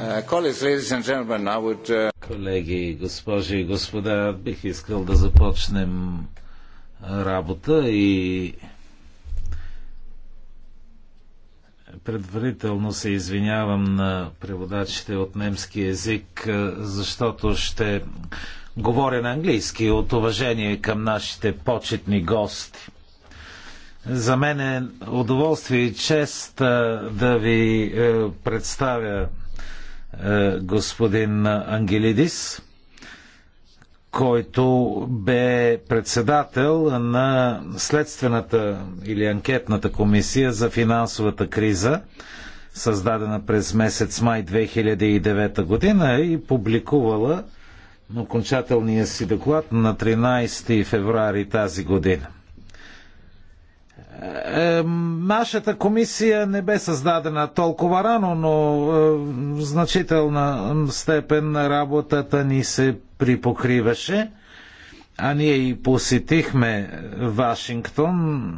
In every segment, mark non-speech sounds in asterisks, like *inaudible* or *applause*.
Uh, uh, Колеги, госпожи и господа, бих искал да започнем работа и предварително се извинявам на преводачите от немски язик, защото ще говоря на английски от уважение към нашите почетни гости. За мен е удоволствие и чест да ви е, представя е, господин Ангелидис, който бе председател на следствената или анкетната комисия за финансовата криза, създадена през месец май 2009 година и публикувала окончателния си доклад на 13 февруари тази година. Е, нашата комисия не бе създадена толкова рано, но в е, значителна степен работата ни се припокриваше. А ние и посетихме Вашингтон е,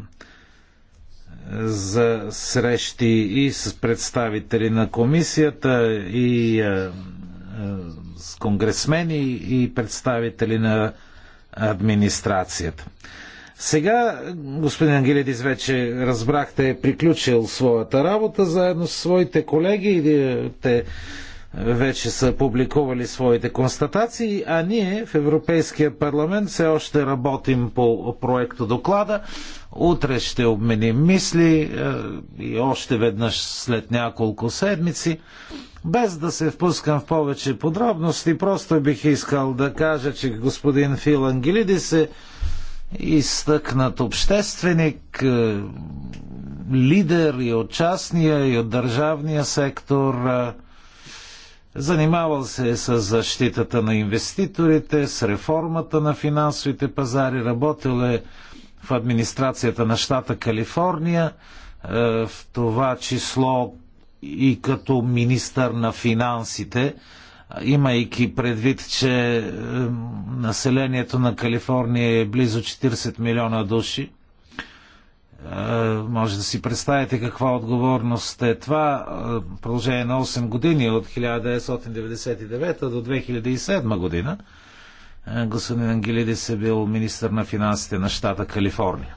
за срещи и с представители на комисията, и с конгресмени, и представители на администрацията. Сега господин Ангелидис вече разбрахте е приключил своята работа заедно с своите колеги и те е, вече са публикували своите констатации, а ние в Европейския парламент все още работим по проекто доклада. Утре ще обменим мисли е, и още веднъж след няколко седмици. Без да се впускам в повече подробности, просто бих искал да кажа, че господин Фил Ангелидис е изтъкнат общественик, е, лидер и от частния, и от държавния сектор. Е, занимавал се е с защитата на инвеститорите, с реформата на финансовите пазари, работил е в администрацията на щата Калифорния, е, в това число и като министър на финансите имайки предвид, че населението на Калифорния е близо 40 милиона души. Е, може да си представите каква отговорност е това. Е, продължение на 8 години от 1999 до 2007 година е, господин Ангелидис е бил министър на финансите на щата Калифорния.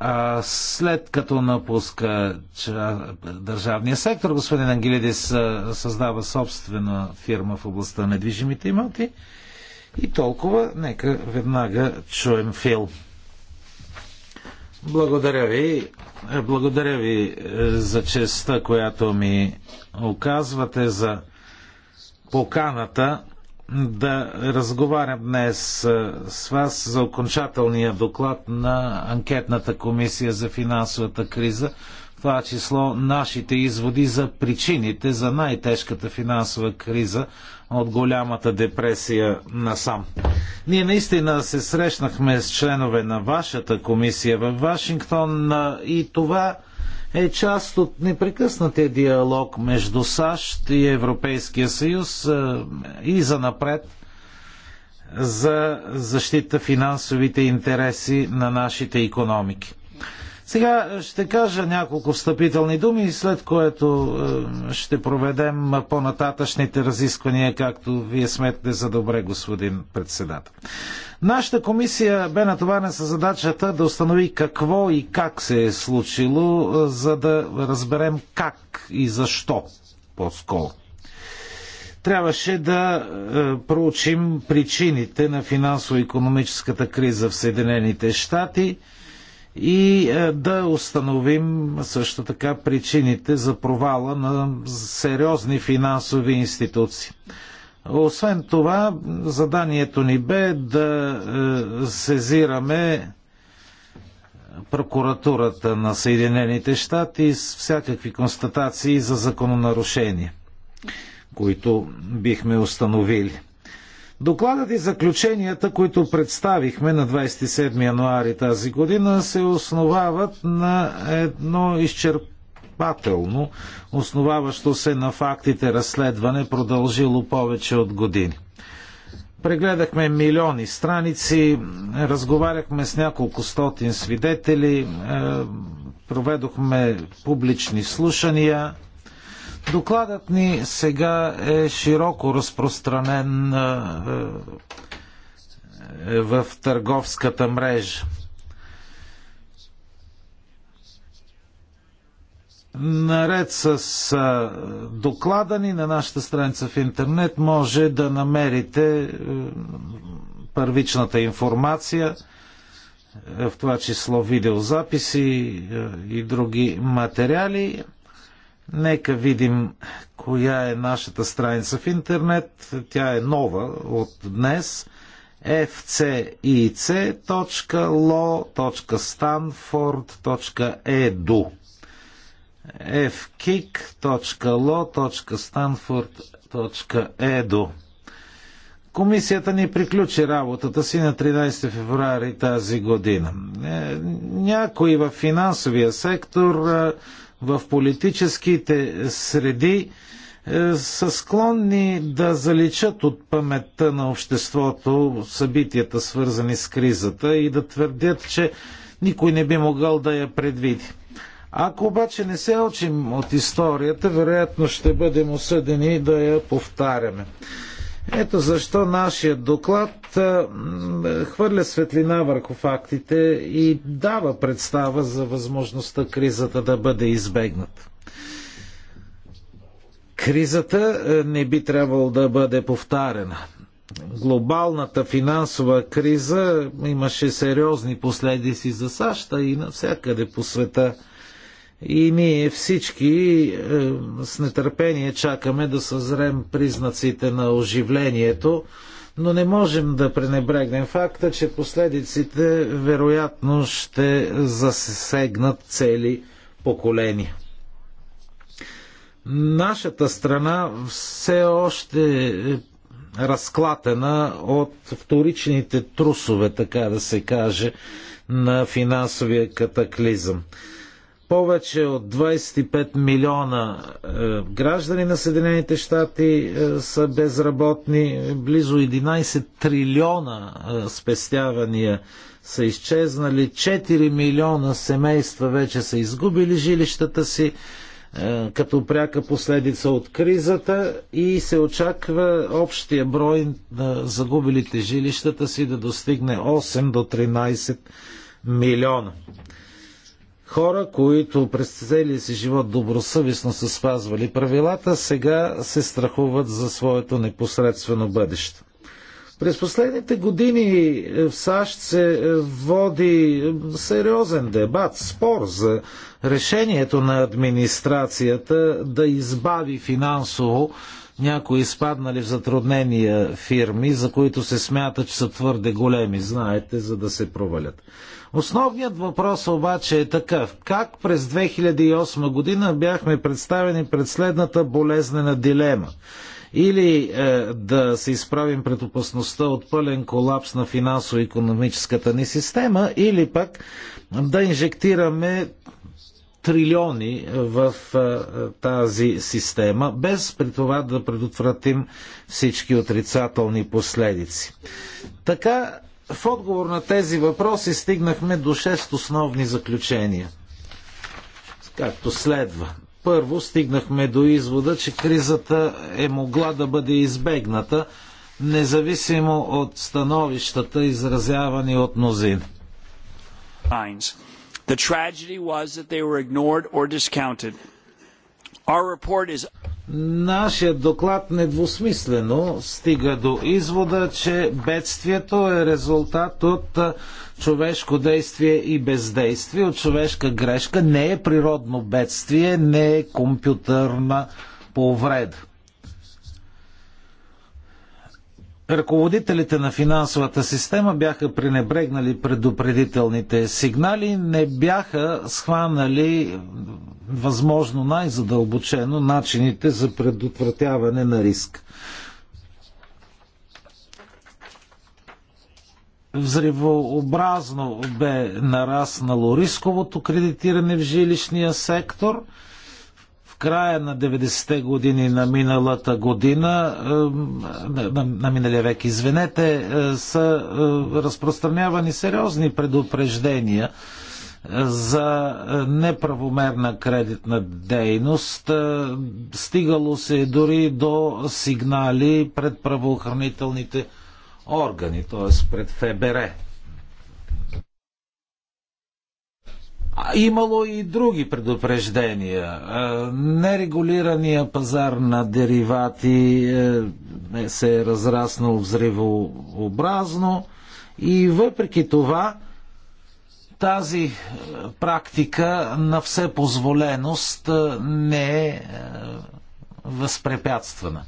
А след като напуска държавния сектор, господин Ангелидис създава собствена фирма в областта на недвижимите имоти. И толкова, нека веднага чуем филм. Благодаря ви. Благодаря ви е, за честа, която ми оказвате, за поканата да разговарям днес с вас за окончателния доклад на анкетната комисия за финансовата криза, в това число нашите изводи за причините за най-тежката финансова криза от голямата депресия насам. Ние наистина се срещнахме с членове на вашата комисия във Вашингтон и това е част от непрекъснатия диалог между САЩ и Европейския съюз е, и за напред за защита финансовите интереси на нашите економики. Сега ще кажа няколко встъпителни думи, след което е, ще проведем по-нататъчните разисквания, както вие сметне за добре, господин председател. Нашата комисия бе натоварена с задачата да установи какво и как се е случило, е, за да разберем как и защо по-скоро. Трябваше да е, проучим причините на финансово-економическата криза в Съединените щати и е, да установим също така причините за провала на сериозни финансови институции. Освен това, заданието ни бе да е, сезираме прокуратурата на Съединените щати с всякакви констатации за закононарушения, които бихме установили. Докладът и заключенията, които представихме на 27 януари тази година, се основават на едно изчерпателно изчерпателно, основаващо се на фактите разследване, продължило повече от години. Прегледахме милиони страници, разговаряхме с няколко стотин свидетели, е, проведохме публични слушания. Докладът ни сега е широко разпространен е, е, в търговската мрежа. Наред с доклада ни на нашата страница в интернет може да намерите е, първичната информация, е, в това число видеозаписи е, и други материали. Нека видим коя е нашата страница в интернет. Тя е нова от днес. fcic.lo.stanford.edu fkick.lo.stanford.edu. Е Комисията ни приключи работата си на 13 февруари тази година. Е, някои в финансовия сектор, е, в политическите среди са склонни да заличат от паметта на обществото събитията, свързани с кризата и да твърдят, че никой не би могъл да я предвиди. Ако обаче не се учим от историята, вероятно ще бъдем осъдени да я повтаряме. Ето защо нашия доклад хвърля светлина върху фактите и дава представа за възможността кризата да бъде избегната. Кризата не би трябвало да бъде повтарена. Глобалната финансова криза имаше сериозни последици за САЩ и навсякъде по света – и ние всички е, с нетърпение чакаме да съзрем признаците на оживлението, но не можем да пренебрегнем факта, че последиците вероятно ще засегнат цели поколения. Нашата страна все още е разклатена от вторичните трусове, така да се каже, на финансовия катаклизъм повече от 25 милиона е, граждани на Съединените щати е, са безработни, близо 11 трилиона е, спестявания са изчезнали, 4 милиона семейства вече са изгубили жилищата си като пряка последица от кризата и се очаква общия брой на загубилите жилищата си да достигне 8 до 13 милиона. Хора, които през целия си живот добросъвестно са спазвали правилата, сега се страхуват за своето непосредствено бъдеще. През последните години е, в САЩ се е, води е, сериозен дебат, спор за решението на администрацията да избави финансово някои изпаднали в затруднения фирми, за които се смята, че са твърде големи, знаете, за да се провалят. Основният въпрос обаче е такъв. Как през 2008 година бяхме представени пред следната болезнена дилема? Или е, да се изправим пред опасността от пълен колапс на финансово-економическата ни система, или пък да инжектираме трилиони в е, тази система, без при това да предотвратим всички отрицателни последици. Така, в отговор на тези въпроси стигнахме до шест основни заключения. Както следва. Първо, стигнахме до извода, че кризата е могла да бъде избегната, независимо от становищата, изразявани от мнозин. The tragedy was that they were ignored or discounted. Our report is Нашият доклад недвусмислено стига до извода, че бедствието е резултат от човешко действие и бездействие, от човешка грешка. Не е природно бедствие, не е компютърна повреда. ръководителите на финансовата система бяха пренебрегнали предупредителните сигнали, не бяха схванали възможно най-задълбочено начините за предотвратяване на риск. Взривообразно бе нараснало рисковото кредитиране в жилищния сектор – края на 90-те години на миналата година, е, на, на миналия век, извинете, е, са е, разпространявани сериозни предупреждения за неправомерна кредитна дейност. Стигало се дори до сигнали пред правоохранителните органи, т.е. пред ФБР. Имало и други предупреждения. Е, нерегулирания пазар на деривати е, се е разраснал взривообразно и въпреки това тази е, практика на всепозволеност не е възпрепятствана.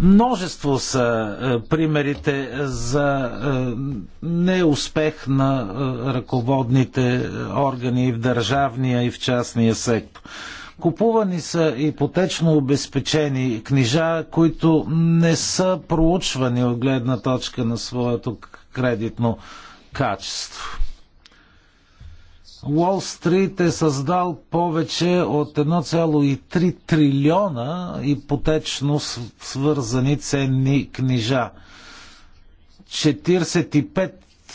Множество са е, примерите за е, неуспех на е, ръководните органи в държавния и в частния сектор. Купувани са ипотечно обезпечени книжа, които не са проучвани от гледна точка на своето кредитно качество. Уолл Стрит е създал повече от 1,3 трилиона ипотечно свързани ценни книжа. 45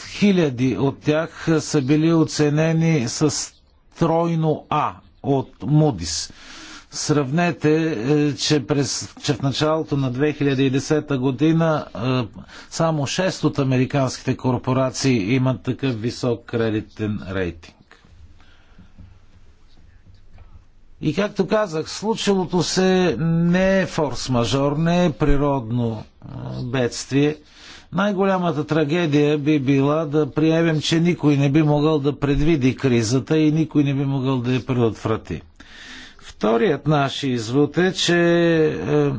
хиляди от тях са били оценени с тройно А от Мудис. Сравнете, е, че, през, че в началото на 2010 година е, само 6 от американските корпорации имат такъв висок кредитен рейтинг. И както казах, случилото се не е форс-мажор, не е природно бедствие. Най-голямата трагедия би била да приемем, че никой не би могъл да предвиди кризата и никой не би могъл да я предотврати. Вторият наш извод е, че е,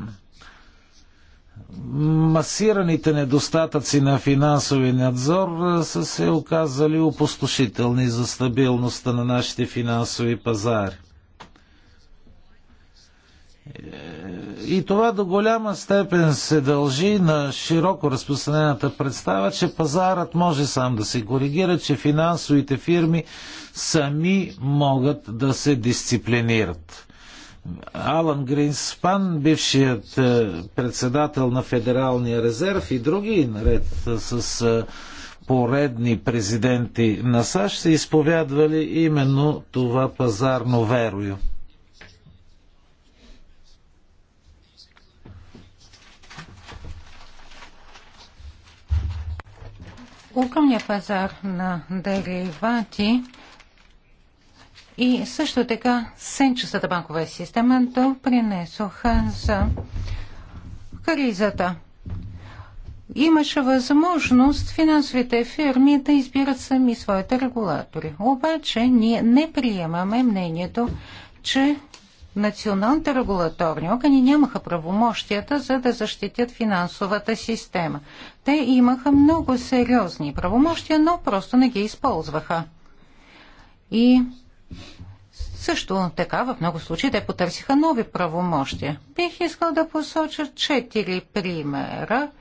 масираните недостатъци на финансови надзор е, са се оказали опустошителни за стабилността на нашите финансови пазари. И това до голяма степен се дължи на широко разпространената представа, че пазарът може сам да се коригира, че финансовите фирми сами могат да се дисциплинират. Алан Гринспан, бившият е, председател на Федералния резерв и други, наред с е, поредни президенти на САЩ, са изповядвали именно това пазарно верою. огромния пазар на деривати и също така сенчестата банкова система допринесоха за кризата. Имаше възможност финансовите фирми да избират сами своите регулатори. Обаче ние не приемаме мнението, че националните регулаторни органи нямаха правомощията за да защитят финансовата система. Те имаха много сериозни правомощия, но просто не ги използваха. И също така в много случаи те потърсиха нови правомощия. Бих искал да посоча четири примера –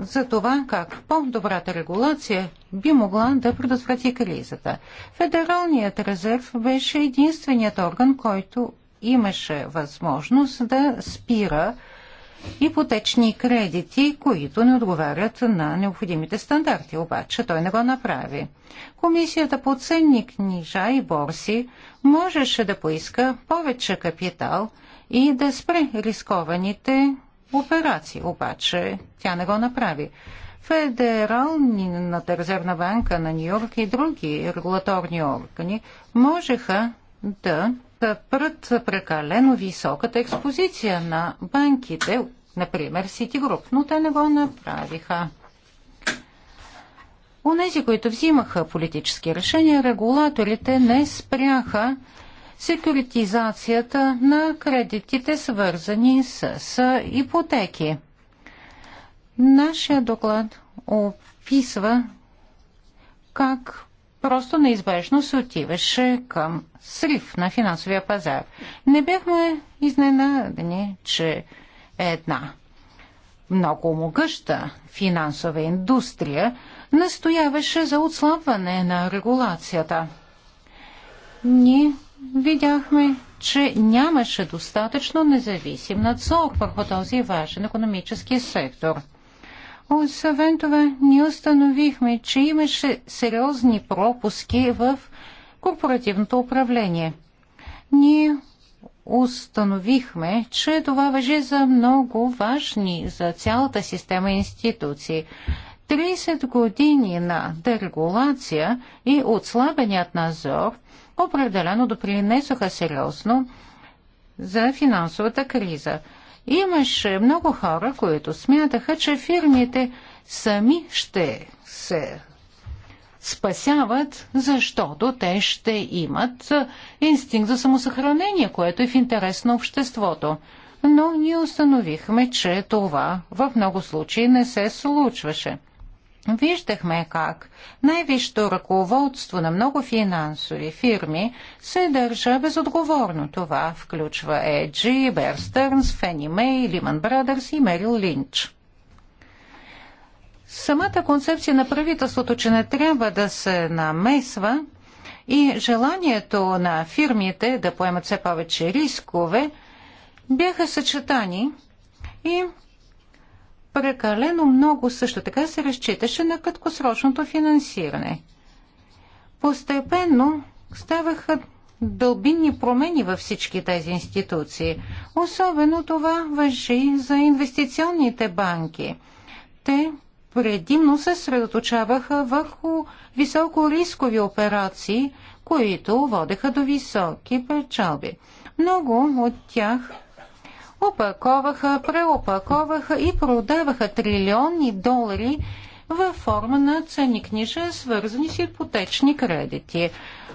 за това как по-добрата регулация би могла да предотврати кризата. Федералният резерв беше единственият орган, който имаше възможност да спира ипотечни кредити, които не отговарят на необходимите стандарти, обаче той не го направи. Комисията по ценни книжа и борси можеше да поиска повече капитал и да спре рискованите операции. Обаче тя не го направи. Федералната резервна банка на Нью-Йорк и други регулаторни органи можеха да пред прекалено високата експозиция на банките, например Citigroup, но те не го направиха. Онези, които взимаха политически решения, регулаторите не спряха секюритизацията на кредитите, свързани с ипотеки. Нашия доклад описва как просто неизбежно се отиваше към срив на финансовия пазар. Не бяхме изненадани, че е една много могъща финансова индустрия настояваше за отслабване на регулацията. Ние видяхме, че нямаше достатъчно независим надзор върху този важен економически сектор. Освен това, ние установихме, че имаше сериозни пропуски в корпоративното управление. Ние установихме, че това въжи за много важни за цялата система институции. 30 години на дерегулация и отслабеният надзор – определено допринесоха сериозно за финансовата криза. Имаше много хора, които смятаха, че фирмите сами ще се спасяват, защото те ще имат инстинкт за самосъхранение, което е в интерес на обществото. Но ние установихме, че това в много случаи не се случваше. Виждахме как най-висшето ръководство на много финансови фирми се държа безотговорно. Това включва Еджи, Бер Стърнс, Фенни Мей, Лиман Брадърс и Мерил Линч. Самата концепция на правителството, че не трябва да се намесва и желанието на фирмите да поемат все повече рискове, бяха съчетани и прекалено много също така се разчиташе на краткосрочното финансиране. Постепенно ставаха дълбинни промени във всички тези институции. Особено това въжи за инвестиционните банки. Те предимно се средоточаваха върху високорискови операции, които водеха до високи печалби. Много от тях опаковаха, преопаковаха и продаваха трилиони долари във форма на ценни книжа, свързани с ипотечни кредити.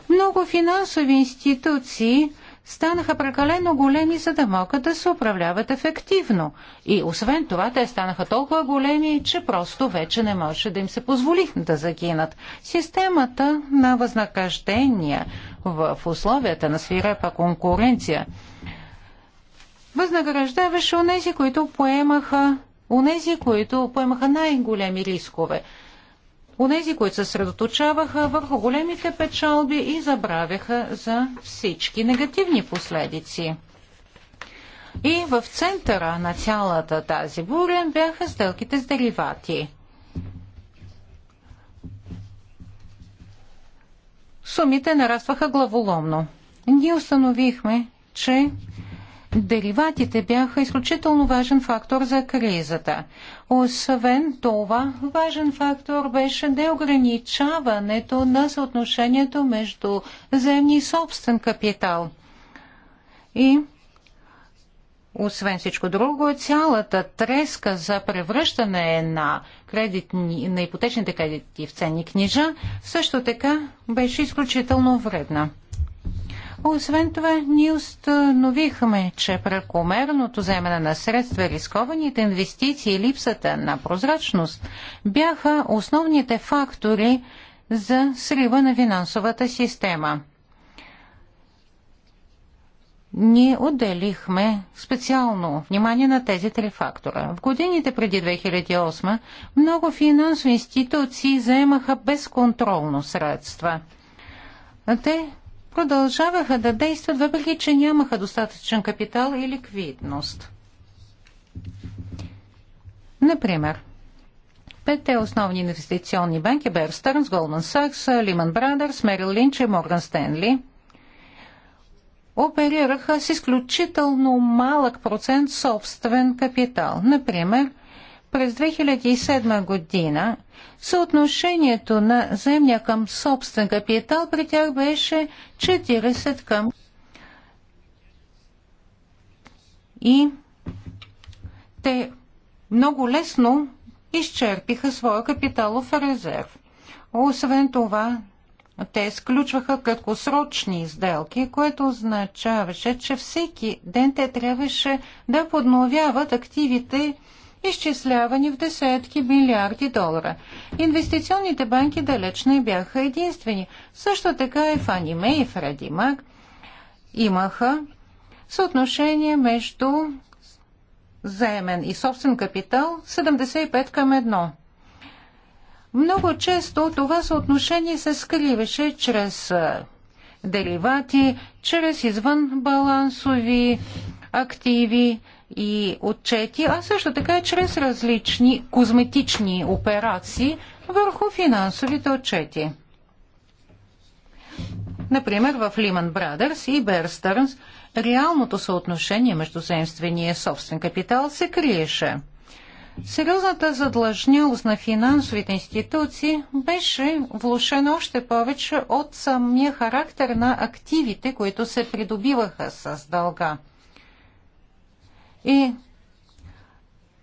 Много финансови институции станаха прекалено големи, за да могат да се управляват ефективно. И освен това, те станаха толкова големи, че просто вече не може да им се позволи да загинат. Системата на възнаграждения в условията на свирепа конкуренция – възнаграждаваше онези, които поемаха, онези, които поемаха най-големи рискове. Онези, които се средоточаваха върху големите печалби и забравяха за всички негативни последици. И в центъра на цялата тази буря бяха сделките с деривати. Сумите нарастваха главоломно. Ние установихме, че дериватите бяха изключително важен фактор за кризата. Освен това, важен фактор беше неограничаването на съотношението между земни и собствен капитал. И освен всичко друго, цялата треска за превръщане на, кредитни, на ипотечните кредити в ценни книжа също така беше изключително вредна. Освен това, ние установихме, че прекомерното вземане на средства, рискованите инвестиции и липсата на прозрачност бяха основните фактори за срива на финансовата система. Ние отделихме специално внимание на тези три фактора. В годините преди 2008 много финансови институции заемаха безконтролно средства. Те продължаваха да действат, въпреки че нямаха достатъчен капитал и ликвидност. Например, петте основни инвестиционни банки Bear Stearns, Goldman Sachs, Lehman Brothers, Merrill Lynch и Morgan Stanley оперираха с изключително малък процент собствен капитал. Например, през 2007 година съотношението на земя към собствен капитал при тях беше 40 към. И те много лесно изчерпиха своя капиталов резерв. Освен това, те сключваха краткосрочни изделки, което означаваше, че всеки ден те трябваше да подновяват активите изчислявани в десетки милиарди долара. Инвестиционните банки далеч не бяха единствени. Също така и Мей и Фреди Мак имаха съотношение между заемен и собствен капитал 75 към 1. Много често това съотношение се скриваше чрез деривати, чрез извънбалансови активи, и отчети, а също така и чрез различни козметични операции върху финансовите отчети. Например, в Lehman Brothers и Bear Stearns реалното съотношение между земствения и собствен капитал се криеше. Сериозната задлъжнялост на финансовите институции беше влушена още повече от самия характер на активите, които се придобиваха с дълга. И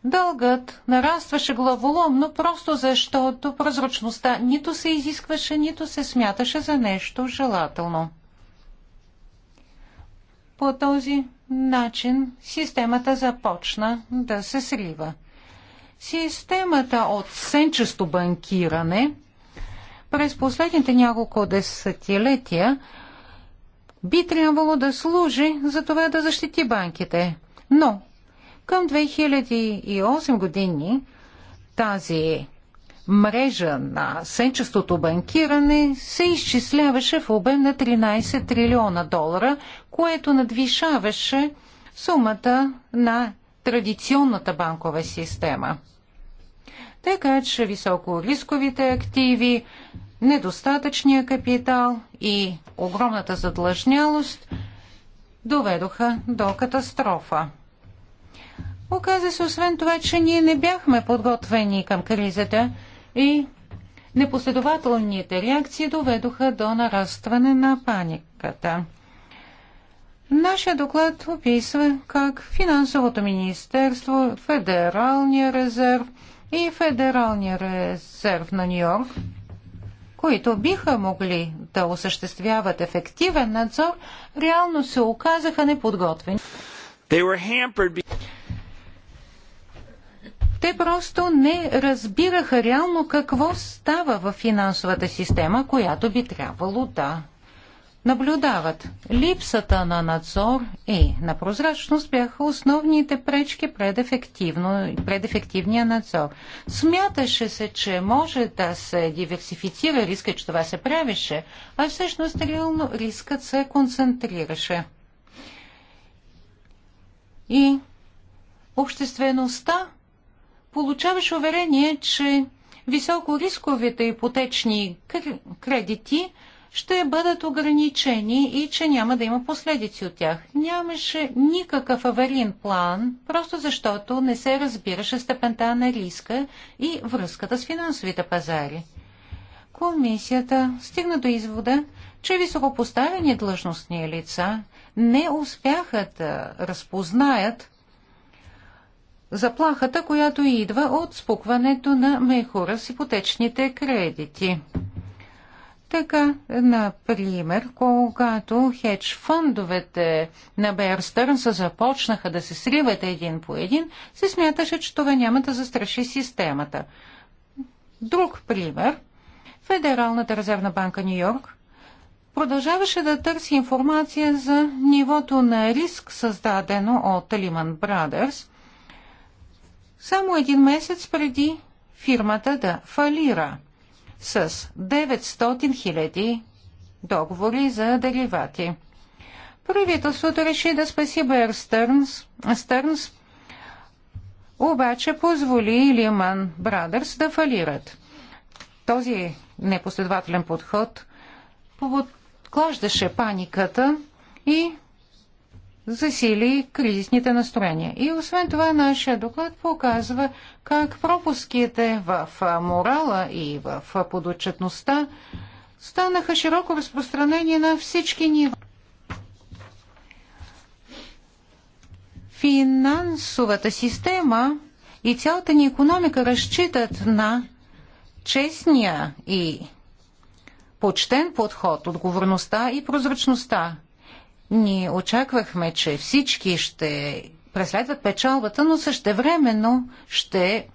дългът нарастваше главоломно, просто защото прозрачността нито се изискваше, нито се смяташе за нещо желателно. По този начин системата започна да се срива. Системата от сенчесто банкиране през последните няколко десетилетия би трябвало да служи за това да защити банките. Но към 2008 години тази мрежа на сенчестото банкиране се изчисляваше в обем на 13 трилиона долара, което надвишаваше сумата на традиционната банкова система. Така че високо рисковите активи, недостатъчния капитал и огромната задлъжнялост доведоха до катастрофа. Оказа се освен това, че ние не бяхме подготвени към кризата и непоследователните реакции доведоха до нарастване на паниката. Нашия доклад описва как финансовото министерство, Федералния резерв и Федералния резерв на Нью-Йорк, които биха могли да осъществяват ефективен надзор, реално се оказаха неподготвени. Те просто не разбираха реално какво става в финансовата система, която би трябвало да наблюдават. Липсата на надзор и на прозрачност бяха основните пречки пред, ефективно, пред ефективния надзор. Смяташе се, че може да се диверсифицира риска, че това се правеше, а всъщност реално рискът се концентрираше. И обществеността получаваш уверение, че високорисковите ипотечни кредити ще бъдат ограничени и че няма да има последици от тях. Нямаше никакъв аварин план, просто защото не се разбираше степента на риска и връзката с финансовите пазари. Комисията стигна до извода, че високопоставени длъжностни лица не успяха да разпознаят заплахата, която идва от спукването на мехура с ипотечните кредити. Така, например, когато хедж фондовете на Беар Стърнс започнаха да се сриват един по един, се смяташе, че това няма да застраши системата. Друг пример. Федералната резервна банка Нью Йорк продължаваше да търси информация за нивото на риск, създадено от Lehman Brothers – само един месец преди фирмата да фалира с 900 000 договори за деривати. Правителството реши да спаси Бер Стърнс, Стърнс обаче позволи Лиман Брадърс да фалират. Този непоследователен подход подклаждаше паниката и засили кризисните настроения. И освен това, нашия доклад показва как пропуските в морала и в подотчетността станаха широко разпространени на всички нива. Финансовата система и цялата ни економика разчитат на честния и почтен подход, отговорността и прозрачността. Ние очаквахме, че всички ще преследват печалбата, но същевременно ще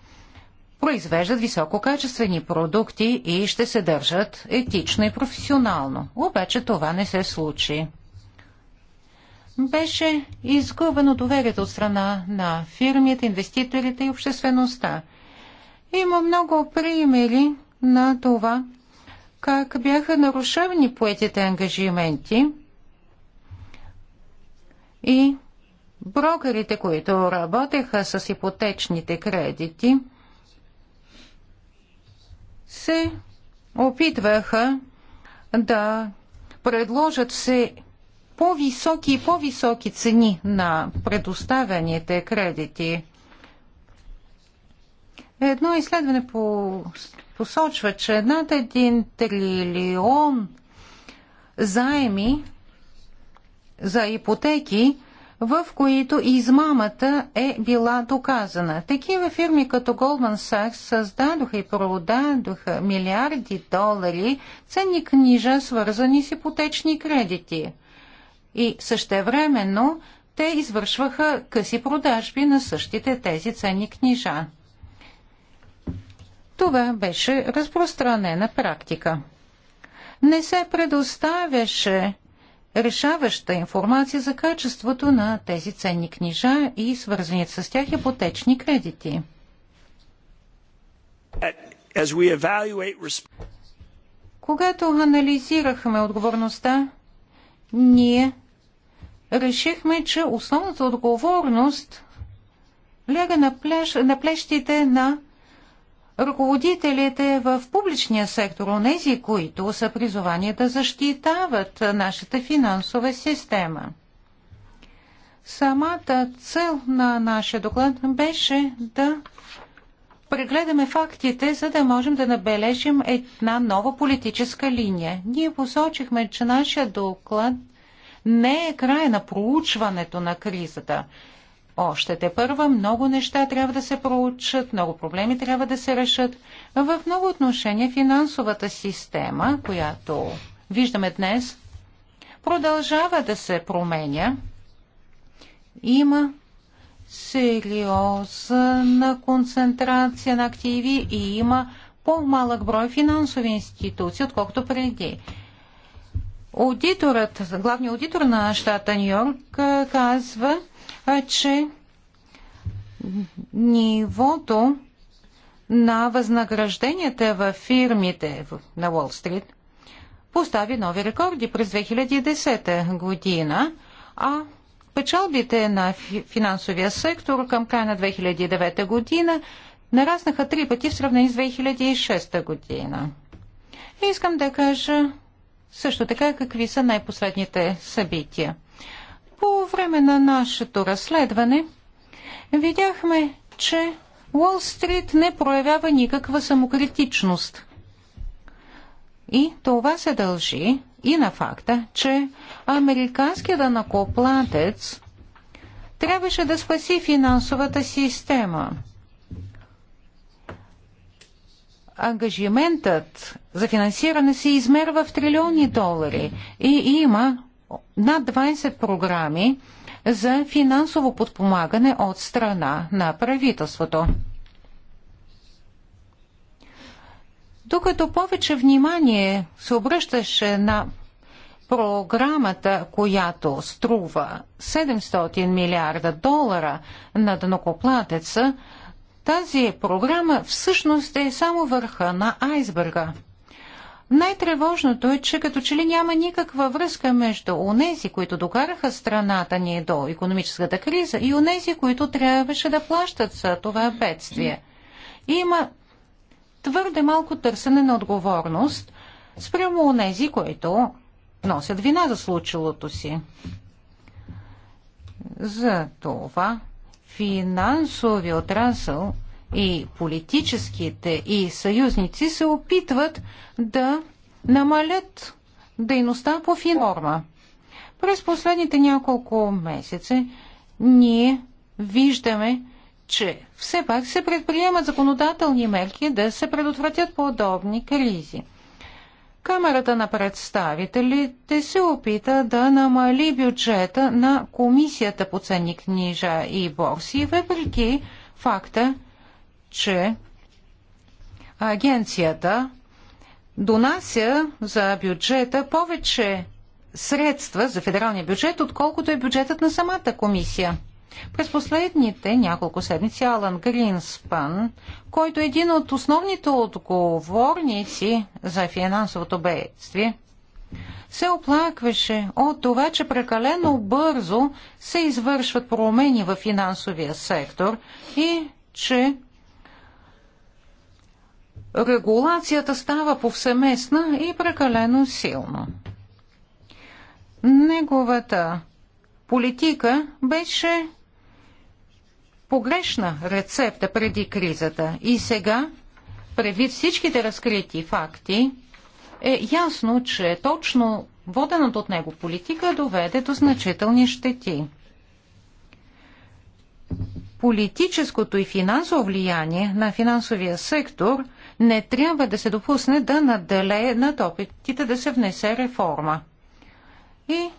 произвеждат висококачествени продукти и ще се държат етично и професионално. Обаче това не се случи. Беше изгубено доверието от страна на фирмите, инвеститорите и обществеността. Има много примери на това, как бяха нарушавани поетите ангажименти – и брокерите, които работеха с ипотечните кредити, се опитваха да предложат се по-високи и по-високи цени на предоставяните кредити. Едно изследване по... посочва, че над един трилион заеми за ипотеки, в които измамата е била доказана. Такива фирми като Goldman Sachs създадоха и продадоха милиарди долари ценни книжа, свързани с ипотечни кредити. И същевременно те извършваха къси продажби на същите тези ценни книжа. Това беше разпространена практика. Не се предоставяше решаваща информация за качеството на тези ценни книжа и свързаните с тях ипотечни кредити. Когато анализирахме отговорността, ние решихме, че основната отговорност ляга на, на плещите на ръководителите в публичния сектор, онези, които са призовани да защитават нашата финансова система. Самата цел на нашия доклад беше да прегледаме фактите, за да можем да набележим една нова политическа линия. Ние посочихме, че нашия доклад не е края на проучването на кризата още те първа много неща трябва да се проучат, много проблеми трябва да се решат. В много отношения финансовата система, която виждаме днес, продължава да се променя. Има сериозна концентрация на активи и има по-малък брой финансови институции, отколкото преди. Аудиторът, главният аудитор на щата Нью Йорк казва, че нивото на възнагражденията в фирмите на Уолл Стрит постави нови рекорди през 2010 година, а печалбите на финансовия сектор към края на 2009 година нараснаха три пъти в сравнение с 2006 година. Искам да кажа също така какви са най-последните събития. По време на нашето разследване видяхме, че Уолл Стрит не проявява никаква самокритичност. И това се дължи и на факта, че американският накоплатец трябваше да спаси финансовата система – ангажиментът за финансиране се измерва в трилиони долари и има над 20 програми за финансово подпомагане от страна на правителството. Докато повече внимание се обръщаше на програмата, която струва 700 милиарда долара на дънокоплатеца, тази програма всъщност е само върха на айсберга. Най-тревожното е, че като че ли няма никаква връзка между онези, които докараха страната ни до економическата криза и онези, които трябваше да плащат за това бедствие. Има твърде малко търсене на отговорност спрямо онези, които носят вина за случилото си. За това финансови отрасъл и политическите и съюзници се опитват да намалят дейността по финформа. През последните няколко месеца ние виждаме, че все пак се предприемат законодателни мерки да се предотвратят подобни кризи. Камерата на представителите се опита да намали бюджета на Комисията по ценни книжа и борси, въпреки факта, че агенцията донася за бюджета повече средства за федералния бюджет, отколкото е бюджетът на самата комисия. През последните няколко седмици Алан Гринспан, който е един от основните отговорници за финансовото бедствие, се оплакваше от това, че прекалено бързо се извършват промени в финансовия сектор и че регулацията става повсеместна и прекалено силно. Неговата политика беше погрешна рецепта преди кризата. И сега, предвид всичките разкрити факти, е ясно, че точно водената от него политика доведе до значителни щети. Политическото и финансово влияние на финансовия сектор не трябва да се допусне да наделее над опитите да се внесе реформа. И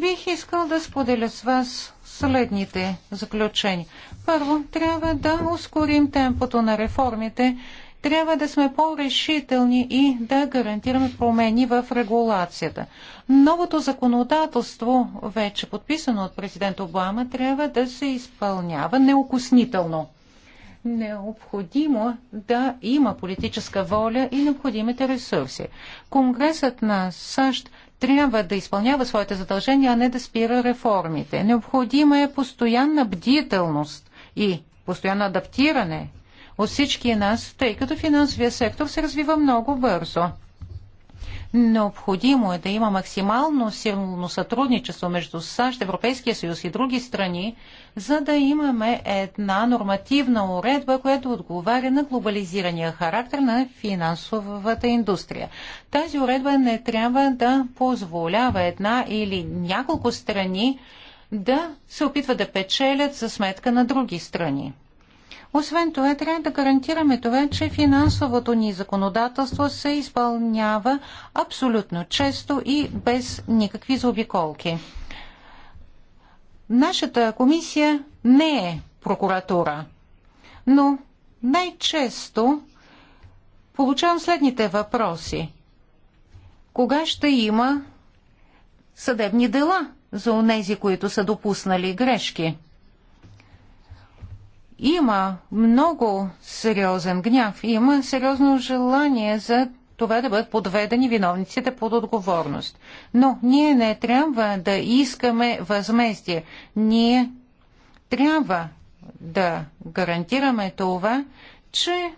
бих искал да споделя с вас следните заключения. Първо, трябва да ускорим темпото на реформите, трябва да сме по-решителни и да гарантираме промени в регулацията. Новото законодателство, вече подписано от президент Обама, трябва да се изпълнява неокоснително. Необходимо да има политическа воля и необходимите ресурси. Конгресът на САЩ – трябва да изпълнява своите задължения, а не да спира реформите. Необходима е постоянна бдителност и постоянно адаптиране от всички нас, тъй като финансовия сектор се развива много бързо. Необходимо е да има максимално силно сътрудничество между САЩ, Европейския съюз и други страни, за да имаме една нормативна уредба, която отговаря на глобализирания характер на финансовата индустрия. Тази уредба не трябва да позволява една или няколко страни да се опитват да печелят за сметка на други страни. Освен това, трябва да гарантираме това, че финансовото ни законодателство се изпълнява абсолютно често и без никакви заобиколки. Нашата комисия не е прокуратура, но най-често получавам следните въпроси. Кога ще има съдебни дела за онези, които са допуснали грешки? Има много сериозен гняв, има сериозно желание за това да бъдат подведени виновниците под отговорност. Но ние не трябва да искаме възместие. Ние трябва да гарантираме това, че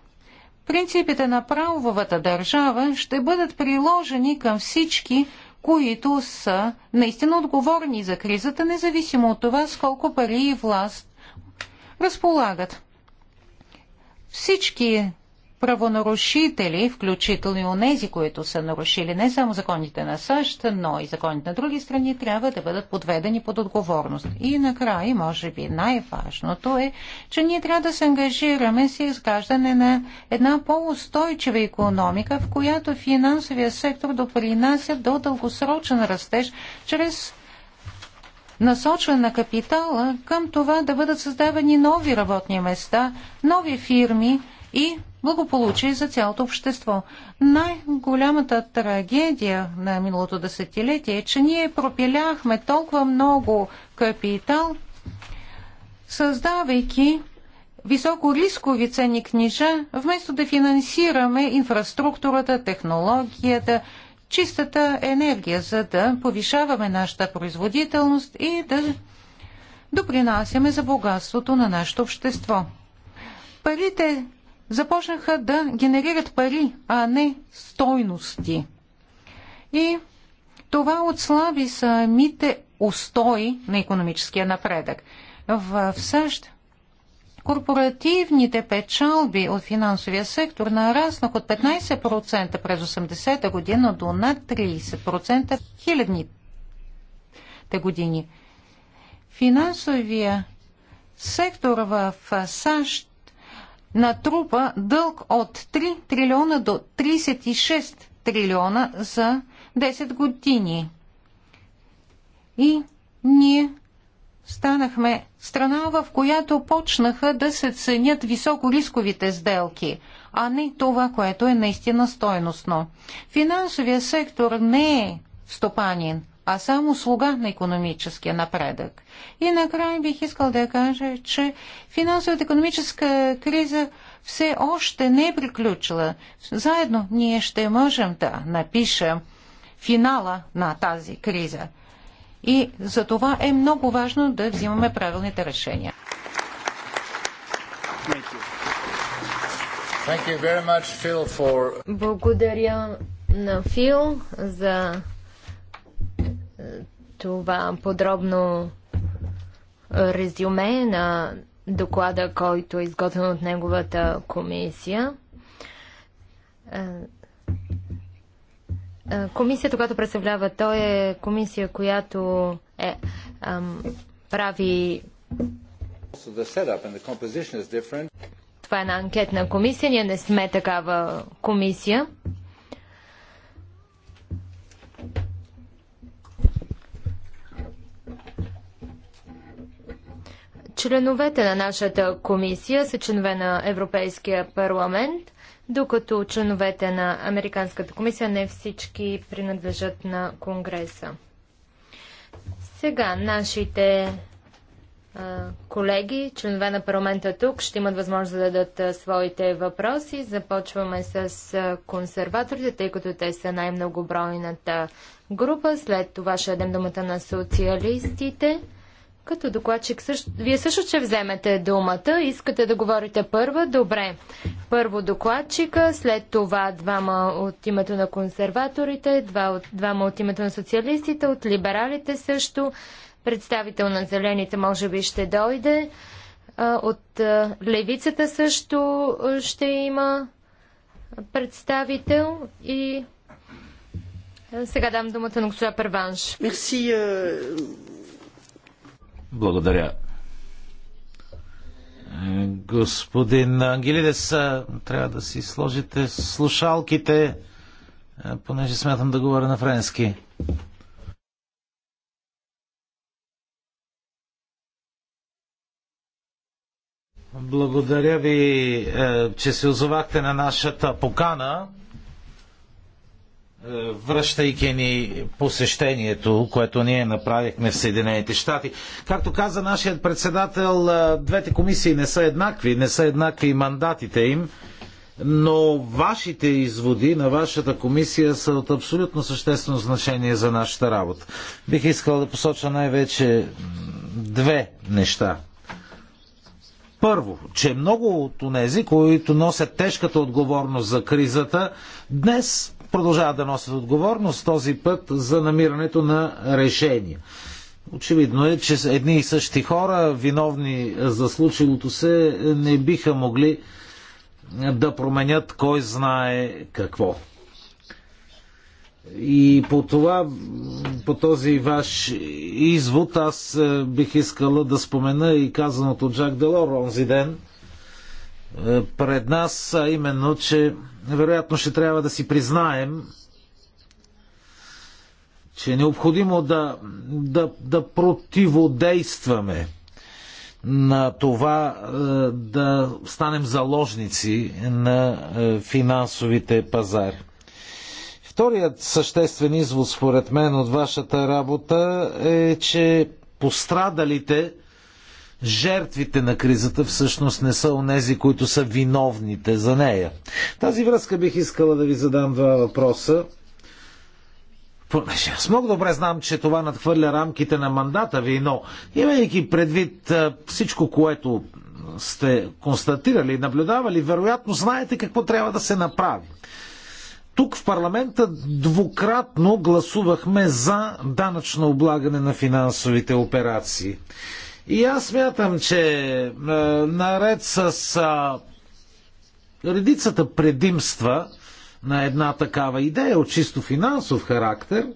принципите на правовата държава ще бъдат приложени към всички, които са наистина отговорни за кризата, независимо от това сколко пари и власт разполагат. Всички правонарушители, включително и онези, които са нарушили не само законите на САЩ, но и законите на други страни, трябва да бъдат подведени под отговорност. И накрая, може би най-важното е, че ние трябва да се ангажираме с изграждане на една по-устойчива економика, в която финансовия сектор допринася до дългосрочен растеж чрез насочване на капитала към това да бъдат създавани нови работни места, нови фирми и благополучие за цялото общество. Най-голямата трагедия на миналото десетилетие е, че ние пропиляхме толкова много капитал, създавайки високо рискови ценни книжа, вместо да финансираме инфраструктурата, технологията, чистата енергия, за да повишаваме нашата производителност и да допринасяме за богатството на нашето общество. Парите започнаха да генерират пари, а не стойности. И това отслаби самите устои на економическия напредък. В САЩ Корпоративните печалби от финансовия сектор нараснах от 15% през 80-та година до над 30% в хилядните години. Финансовия сектор в САЩ натрупа дълг от 3 трилиона до 36 трилиона за 10 години. И ние станахме страна, в която почнаха да се ценят високо рисковите сделки, а не това, което е наистина стойностно. Финансовия сектор не е стопанин, а само слуга на економическия напредък. И накрая бих искал да кажа, че финансовата економическа криза все още не е приключила. Заедно ние ще можем да напишем финала на тази криза. И за това е много важно да взимаме правилните решения. Much, Phil, for... Благодаря на Фил за е, това подробно е, резюме на доклада, който е изготвен от неговата комисия. Е, е, комисията, която представлява той е комисия, която е, ам, прави това е една анкетна комисия. Ние не сме такава комисия. Членовете на нашата комисия са членове на Европейския парламент докато членовете на Американската комисия не всички принадлежат на Конгреса. Сега нашите колеги, членове на парламента тук, ще имат възможност да дадат своите въпроси. Започваме с консерваторите, тъй като те са най-многобройната група. След това ще дадем думата на социалистите. Като докладчик, също, вие също ще вземете думата. Искате да говорите първа? Добре. Първо докладчика, след това двама от името на консерваторите, два от, двама от името на социалистите, от либералите също. Представител на зелените може би ще дойде. От левицата също ще има представител и сега дам думата на госпожа Перванш. Мерси, благодаря. Господин Ангелидес, трябва да си сложите слушалките, понеже смятам да говоря на френски. Благодаря ви, е, че се озовахте на нашата покана. Е, връщайки ни посещението, което ние направихме в Съединените щати. Както каза нашият председател, е, двете комисии не са еднакви, не са еднакви и мандатите им, но вашите изводи на вашата комисия са от абсолютно съществено значение за нашата работа. Бих искал да посоча най-вече две неща. Първо, че много от онези, които носят тежката отговорност за кризата, днес продължават да носят отговорност този път за намирането на решения. Очевидно е, че едни и същи хора, виновни за случилото се, не биха могли да променят кой знае какво. И по това, по този ваш извод, аз е, бих искала да спомена и казаното от Жак Делор онзи ден – е, пред нас, а именно, че вероятно ще трябва да си признаем, че е необходимо да, да, да противодействаме на това е, да станем заложници на е, финансовите пазари. Вторият съществен извод, според мен, от вашата работа е, че пострадалите жертвите на кризата всъщност не са онези, които са виновните за нея. В тази връзка бих искала да ви задам два въпроса. Понеже аз много добре знам, че това надхвърля рамките на мандата ви, но имайки предвид всичко, което сте констатирали и наблюдавали, вероятно знаете какво трябва да се направи. Тук в парламента двукратно гласувахме за данъчно облагане на финансовите операции. И аз смятам, че е, наред с редицата предимства на една такава идея от чисто финансов характер,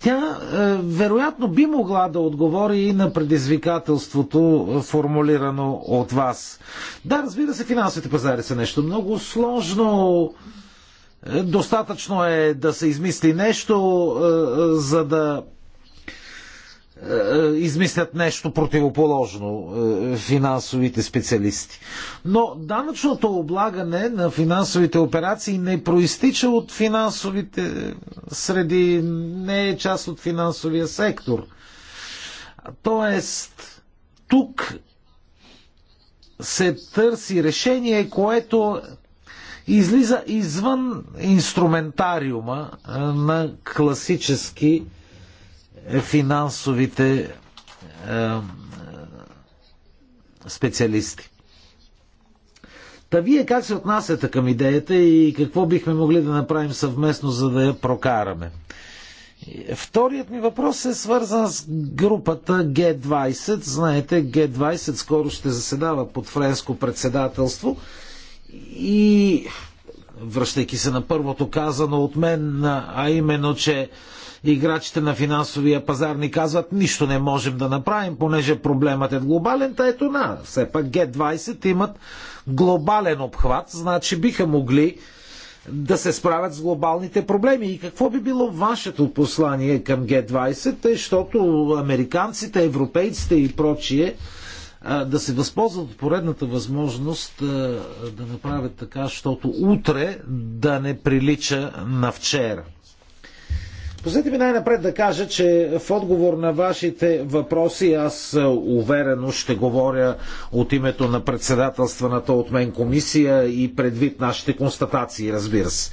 тя е, вероятно би могла да отговори и на предизвикателството, е, формулирано от вас. Да, разбира се, финансовите пазари са нещо много сложно. Е, достатъчно е да се измисли нещо, е, за да е, измислят нещо противоположно е, финансовите специалисти. Но данъчното облагане на финансовите операции не проистича от финансовите среди, не е част от финансовия сектор. Тоест, тук се търси решение, което излиза извън инструментариума е, на класически е финансовите е, специалисти. Та вие как се отнасяте към идеята и какво бихме могли да направим съвместно, за да я прокараме? Вторият ми въпрос е свързан с групата G20. Знаете, G20 скоро ще заседава под френско председателство и връщайки се на първото казано от мен, а именно, че играчите на финансовия пазар ни казват, нищо не можем да направим, понеже проблемът е глобален, та ето на, все пак G20 имат глобален обхват, значи биха могли да се справят с глобалните проблеми. И какво би било вашето послание към G20, тъй, защото американците, европейците и прочие да се възползват от поредната възможност да направят така, защото утре да не прилича на вчера. Позвете ми най-напред да кажа, че в отговор на вашите въпроси аз е, уверено ще говоря от името на председателстваната от мен комисия и предвид нашите констатации, разбира се.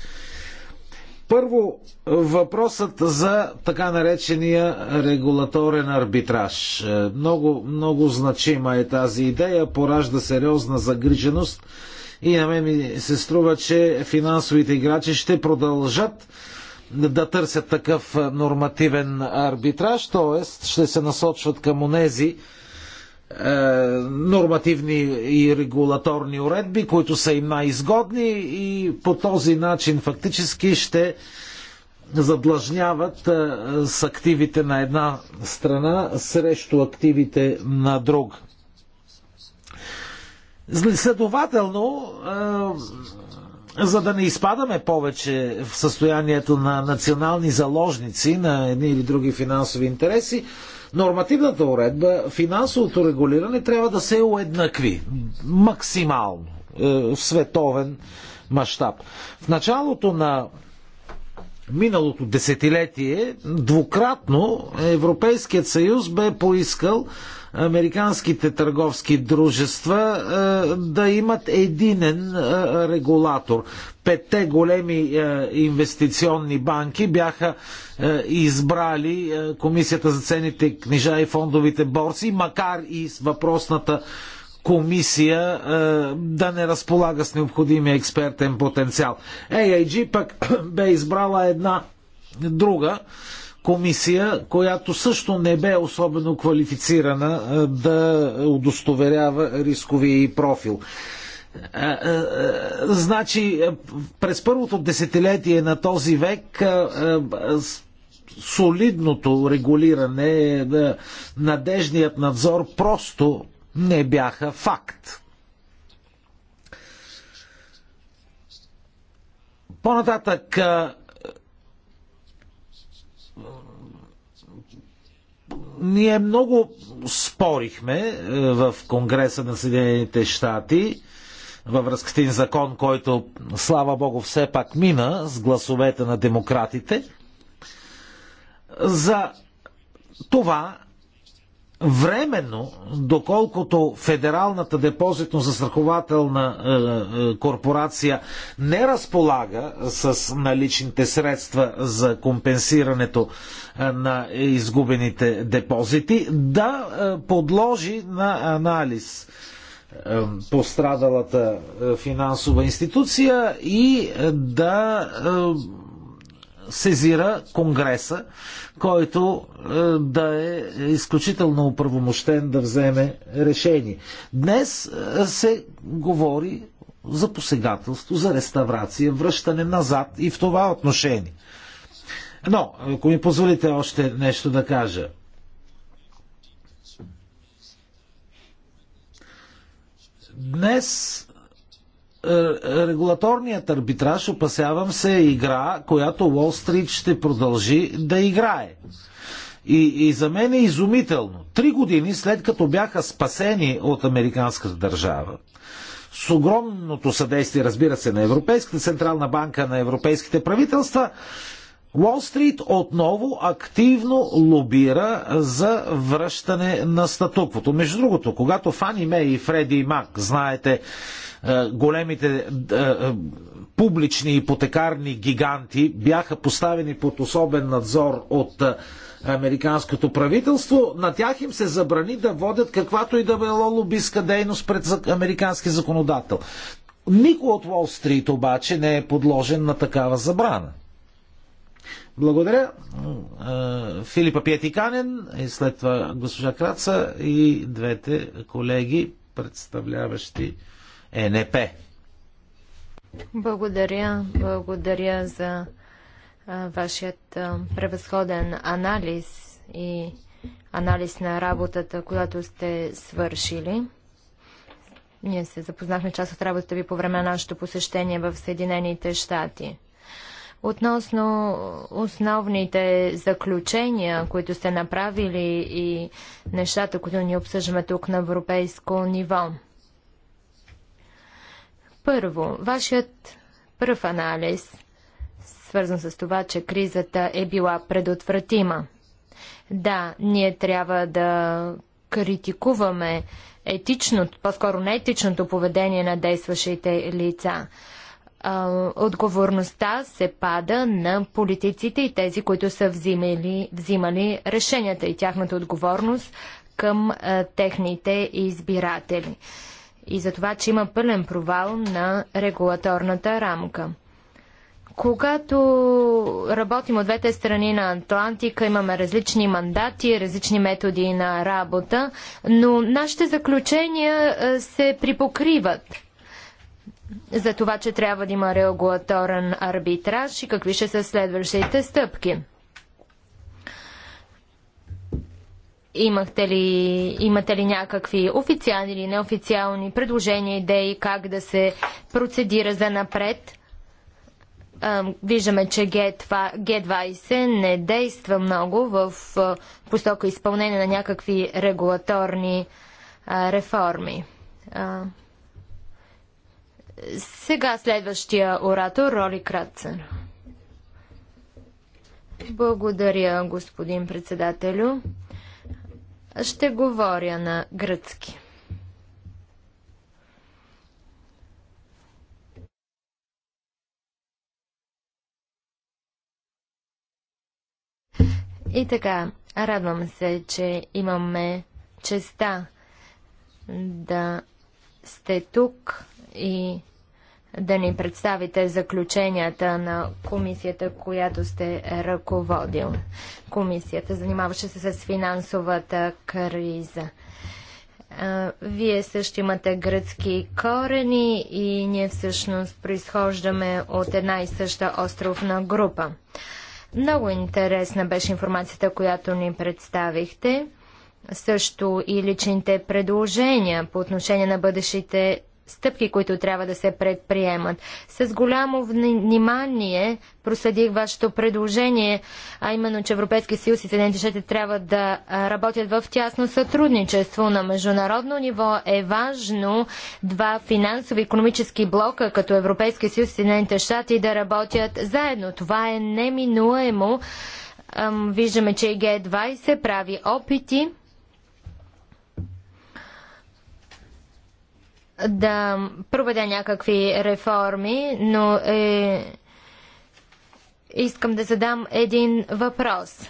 Първо, въпросът за така наречения регулаторен арбитраж. Е, много, много значима е тази идея, поражда сериозна загриженост и на мен ми се струва, че финансовите играчи ще продължат да търсят такъв нормативен арбитраж, т.е. ще се насочват към онези е, нормативни и регулаторни уредби, които са им най-изгодни и по този начин фактически ще задлъжняват е, с активите на една страна срещу активите на друга. Следователно, е, за да не изпадаме повече в състоянието на национални заложници на едни или други финансови интереси, нормативната уредба, финансовото регулиране трябва да се уеднакви максимално е, в световен мащаб. В началото на миналото десетилетие двукратно Европейският съюз бе поискал американските търговски дружества е, да имат единен е, регулатор. Петте големи е, инвестиционни банки бяха избрали Комисията за ценните книжа и фондовите борси, макар и с въпросната комисия да не разполага с необходимия експертен потенциал. AIG пък *coughs* бе избрала една друга комисия, която също не бе особено квалифицирана да удостоверява рисковия профил. Значи, през първото десетилетие на този век солидното регулиране, надежният надзор просто не бяха факт. По-нататък Ние много спорихме е, в Конгреса на Съединените щати във връзка с един закон, който, слава Богу, все пак мина с гласовете на демократите, за това временно, доколкото Федералната депозитно-застрахователна е, е, корпорация не разполага с наличните средства за компенсирането е, на изгубените депозити, да подложи на анализ пострадалата финансова институция и да сезира Конгреса, който е, да е изключително оправомощен да вземе решение. Днес е, се говори за посегателство, за реставрация, връщане назад и в това отношение. Но, ако ми позволите още нещо да кажа. Днес е, регулаторният арбитраж, опасявам се, е игра, която Уолл Стрит ще продължи да играе. И, и за мен е изумително. Три години след като бяха спасени от американската държава, с огромното съдействие, разбира се, на Европейската централна банка, на европейските правителства, Уолл Стрит отново активно лобира за връщане на статуквото. Между другото, когато Фани Мей и Фреди и Мак, знаете, е, големите е, е, публични ипотекарни гиганти бяха поставени под особен надзор от американското правителство, на тях им се забрани да водят каквато и да било лобистка дейност пред американски законодател. Никой от Уолл Стрит обаче не е подложен на такава забрана. Благодаря. Филипа Пиетиканен и след това госпожа Краца и двете колеги, представляващи ЕНП. Благодаря, благодаря за а, вашият а, превъзходен анализ и анализ на работата, която сте свършили. Ние се запознахме част от работата ви по време на нашето посещение в Съединените щати. Относно основните заключения, които сте направили и нещата, които ни обсъждаме тук на европейско ниво – първо, вашият пръв анализ, свързан с това, че кризата е била предотвратима. Да, ние трябва да критикуваме етичното, по-скоро не етичното поведение на действащите лица. Отговорността се пада на политиците и тези, които са взимали, взимали решенията и тяхната отговорност към техните избиратели и за това, че има пълен провал на регулаторната рамка. Когато работим от двете страни на Атлантика, имаме различни мандати, различни методи на работа, но нашите заключения се припокриват за това, че трябва да има регулаторен арбитраж и какви ще са следващите стъпки. Имахте ли, имате ли някакви официални или неофициални предложения, идеи как да се процедира за напред? Виждаме, че G20 не действа много в посока изпълнение на някакви регулаторни реформи. Сега следващия оратор Роли Крацер. Благодаря, господин председателю. Ще говоря на гръцки. И така, радвам се, че имаме честа да сте тук и да ни представите заключенията на комисията, която сте ръководил. Комисията занимаваше се с финансовата криза. Вие също имате гръцки корени и ние всъщност произхождаме от една и съща островна група. Много интересна беше информацията, която ни представихте. Също и личните предложения по отношение на бъдещите стъпки, които трябва да се предприемат. С голямо внимание проследих вашето предложение, а именно, че Европейски съюз и Съединените щати трябва да работят в тясно сътрудничество на международно ниво. Е важно два финансови економически блока, като Европейски съюз и Съединените щати, да работят заедно. Това е неминуемо. Виждаме, че и Г20 прави опити да проведа някакви реформи, но е, искам да задам един въпрос.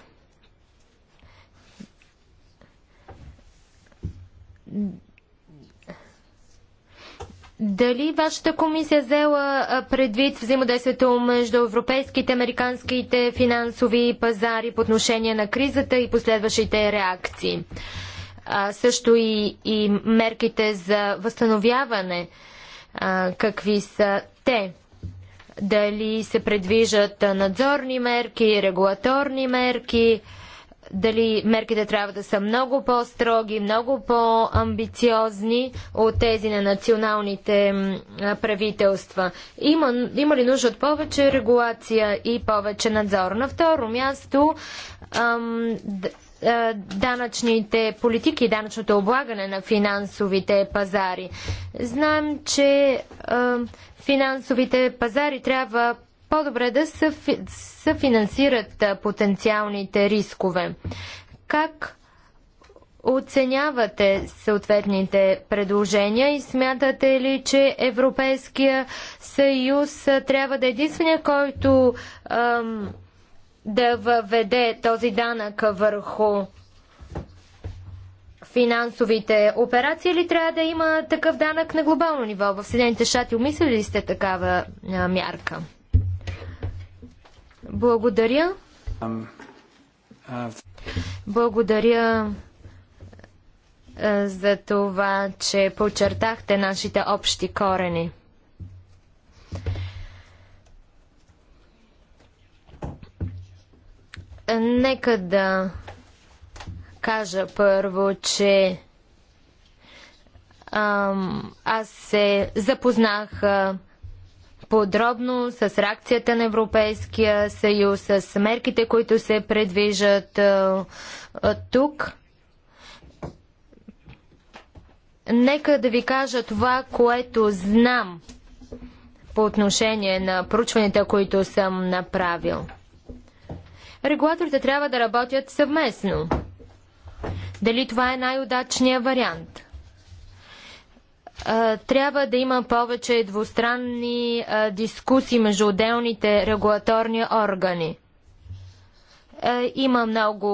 Дали вашата комисия взела предвид взаимодействието между европейските и американските финансови пазари по отношение на кризата и последващите реакции? а, също и, и мерките за възстановяване, а, какви са те. Дали се предвижат надзорни мерки, регулаторни мерки, дали мерките трябва да са много по-строги, много по-амбициозни от тези на националните правителства. Има, има ли нужда от повече регулация и повече надзор? На второ място, ам, е, данъчните политики и данъчното облагане на финансовите пазари. Знаем, че е, финансовите пазари трябва по-добре да съфинансират е, потенциалните рискове. Как оценявате съответните предложения и смятате ли, че Европейския съюз трябва да е единствения, който ам, да въведе този данък върху финансовите операции или трябва да има такъв данък на глобално ниво? В Съединените щати умислили ли сте такава а, мярка? Благодаря. Благодаря за това, че подчертахте нашите общи корени. Нека да кажа първо, че аз се запознах подробно с реакцията на Европейския съюз, с мерките, които се предвижат тук. Нека да ви кажа това, което знам по отношение на проучванията, които съм направил регулаторите трябва да работят съвместно. Дали това е най-удачният вариант? Трябва да има повече двустранни дискусии между отделните регулаторни органи. Има много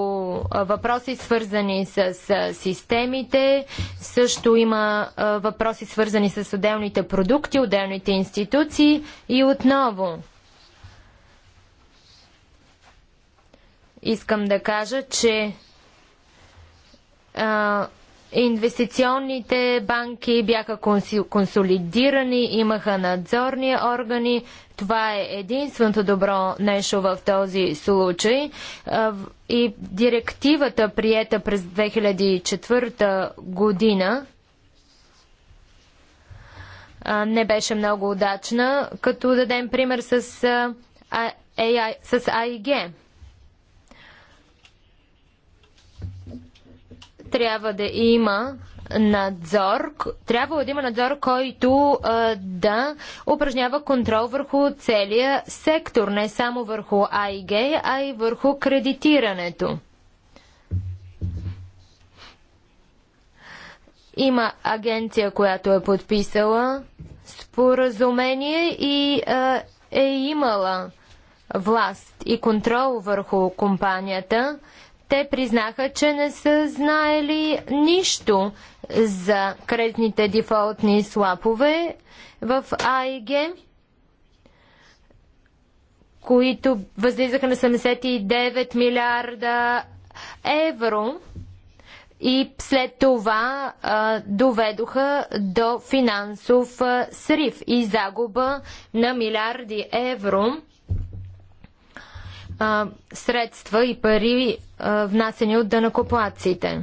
въпроси свързани с системите, също има въпроси свързани с отделните продукти, отделните институции и отново искам да кажа, че а, инвестиционните банки бяха консолидирани, имаха надзорни органи. Това е единственото добро нещо в този случай. А, и директивата, приета през 2004 година, а, не беше много удачна, като дадем пример с, а, AI, с AIG. трябва да има надзор, трябва да има надзор, който а, да упражнява контрол върху целия сектор, не само върху АИГ, а и върху кредитирането. Има агенция, която е подписала споразумение и а, е имала власт и контрол върху компанията. Те признаха, че не са знаели нищо за кредитните дефолтни слапове в АИГ, които възлизаха на 79 милиарда евро и след това а, доведоха до финансов а, срив и загуба на милиарди евро а, средства и пари а, внасени от дънакоплаците.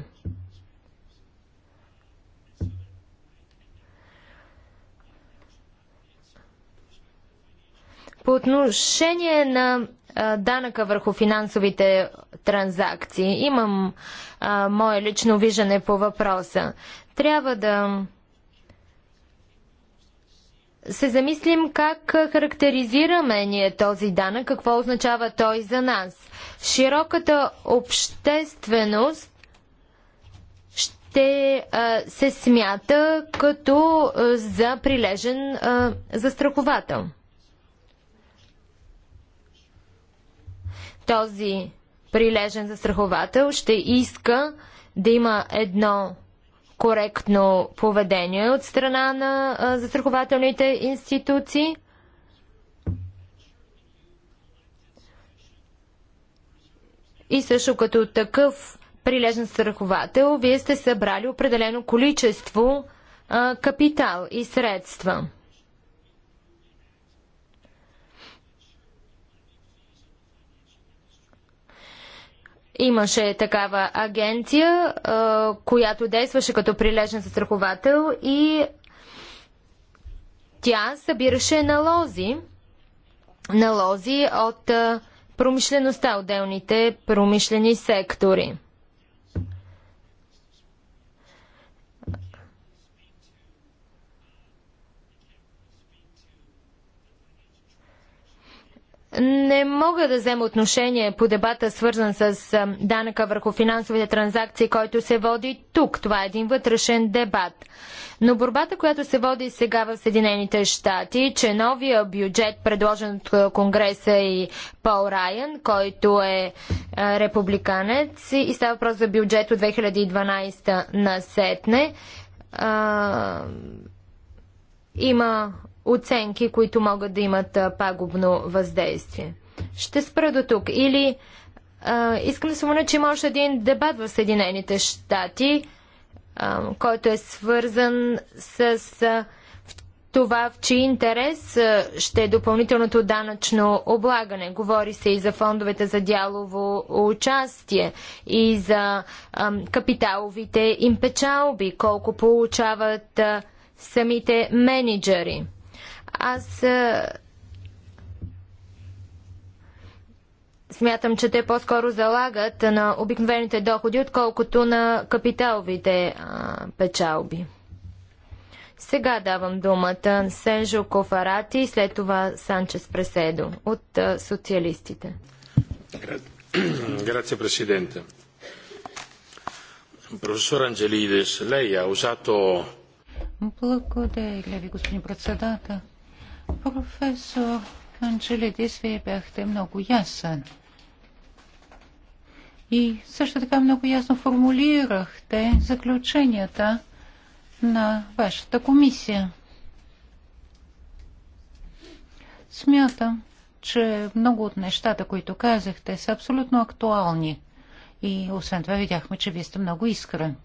По отношение на а, данъка върху финансовите транзакции, имам а, мое лично виждане по въпроса. Трябва да се замислим как характеризираме ние този данък, какво означава той за нас. Широката общественост ще а, се смята като а, за прилежен а, застраховател. Този прилежен застраховател ще иска да има едно коректно поведение от страна на а, застрахователните институции. И също като такъв прилежен страховател, вие сте събрали определено количество а, капитал и средства. Имаше такава агенция, която действаше като прилежен застраховател и тя събираше налози, налози от промишлеността, отделните промишлени сектори. Не мога да взема отношение по дебата, свързан с данъка върху финансовите транзакции, който се води тук. Това е един вътрешен дебат. Но борбата, която се води сега в Съединените щати, че новия бюджет, предложен от Конгреса и Пол Райан, който е републиканец и става въпрос за бюджет от 2012 на Сетне, има оценки, които могат да имат пагубно въздействие. Ще спра до тук. Или а, искам да спомена, че има още един дебат в Съединените щати, а, който е свързан с а, това в чий интерес а, ще е допълнителното данъчно облагане. Говори се и за фондовете за дялово участие и за а, капиталовите им печалби, колко получават а, самите менеджери. Аз смятам, че те по-скоро залагат на обикновените доходи, отколкото на капиталовите а, печалби. Сега давам думата Сенжо Кофарати и след това Санчес Преседо от а, социалистите. Grazie Presidente. Професор Анджелидес, лей ha usato... Благодаря ви, господин председател. Професор Анджелидис, вие бяхте много ясен. И също така много ясно формулирахте заключенията на вашата комисия. Смятам, че много от нещата, които казахте, са абсолютно актуални. И освен това видяхме, че вие сте много искрен.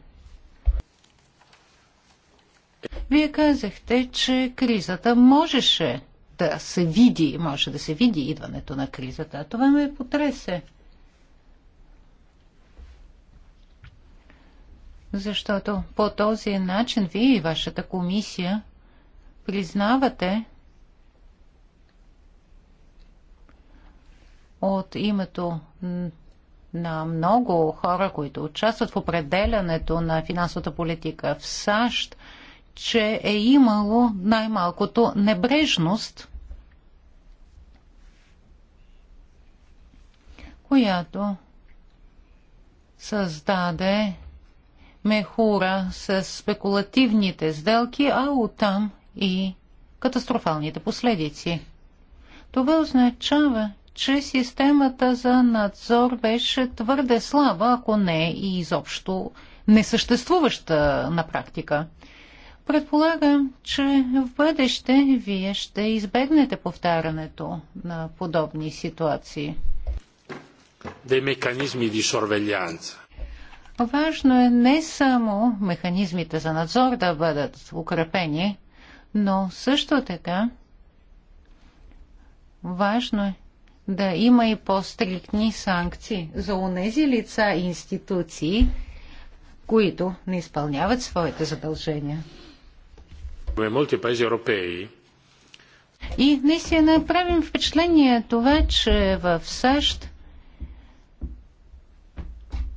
Вие казахте, че кризата можеше да се види, може да се види идването на кризата. А това ме потресе. Защото по този начин вие и вашата комисия признавате от името на много хора, които участват в определянето на финансовата политика в САЩ, че е имало най-малкото небрежност, която създаде мехура с спекулативните сделки, а оттам и катастрофалните последици. Това означава, че системата за надзор беше твърде слаба, ако не и изобщо несъществуваща на практика. Предполагам, че в бъдеще вие ще избегнете повтарянето на подобни ситуации. Де механизми ди сорвелянца. Важно е не само механизмите за надзор да бъдат укрепени, но също така важно е да има и по-стриктни санкции за унези лица и институции, които не изпълняват своите задължения. И наистина правим впечатление това, че в САЩ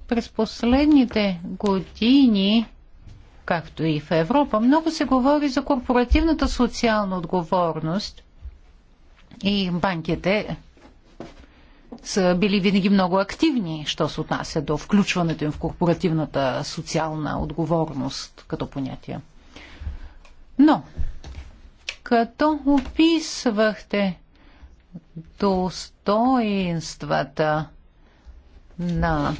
през последните години, както и в Европа, много се говори за корпоративната социална отговорност и банките са били винаги много активни, що се отнася до включването им в корпоративната социална отговорност като понятие. Но, като описвахте достоинствата на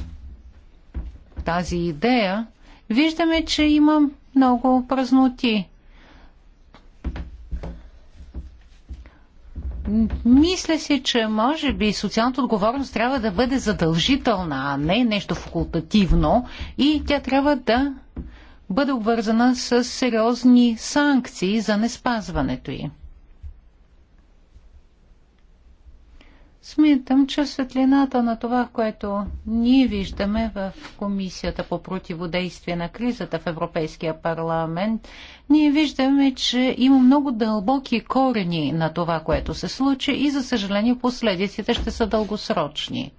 тази идея, виждаме, че има много празноти. Мисля си, че може би социалната отговорност трябва да бъде задължителна, а не нещо факултативно и тя трябва да бъде обвързана с сериозни санкции за неспазването й. Смятам, че светлината на това, което ние виждаме в Комисията по противодействие на кризата в Европейския парламент, ние виждаме, че има много дълбоки корени на това, което се случи и, за съжаление, последиците ще са дългосрочни.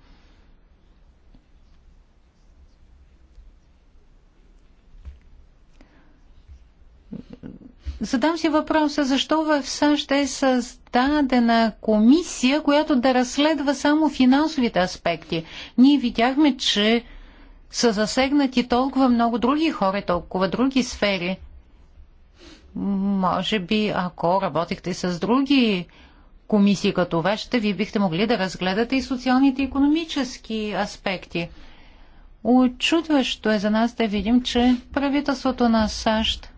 задам си въпроса, защо в САЩ е създадена комисия, която да разследва само финансовите аспекти. Ние видяхме, че са засегнати толкова много други хора, толкова други сфери. Може би, ако работихте с други комисии като вашата, ви бихте могли да разгледате и социалните и економически аспекти. Очудващо е за нас да видим, че правителството на САЩ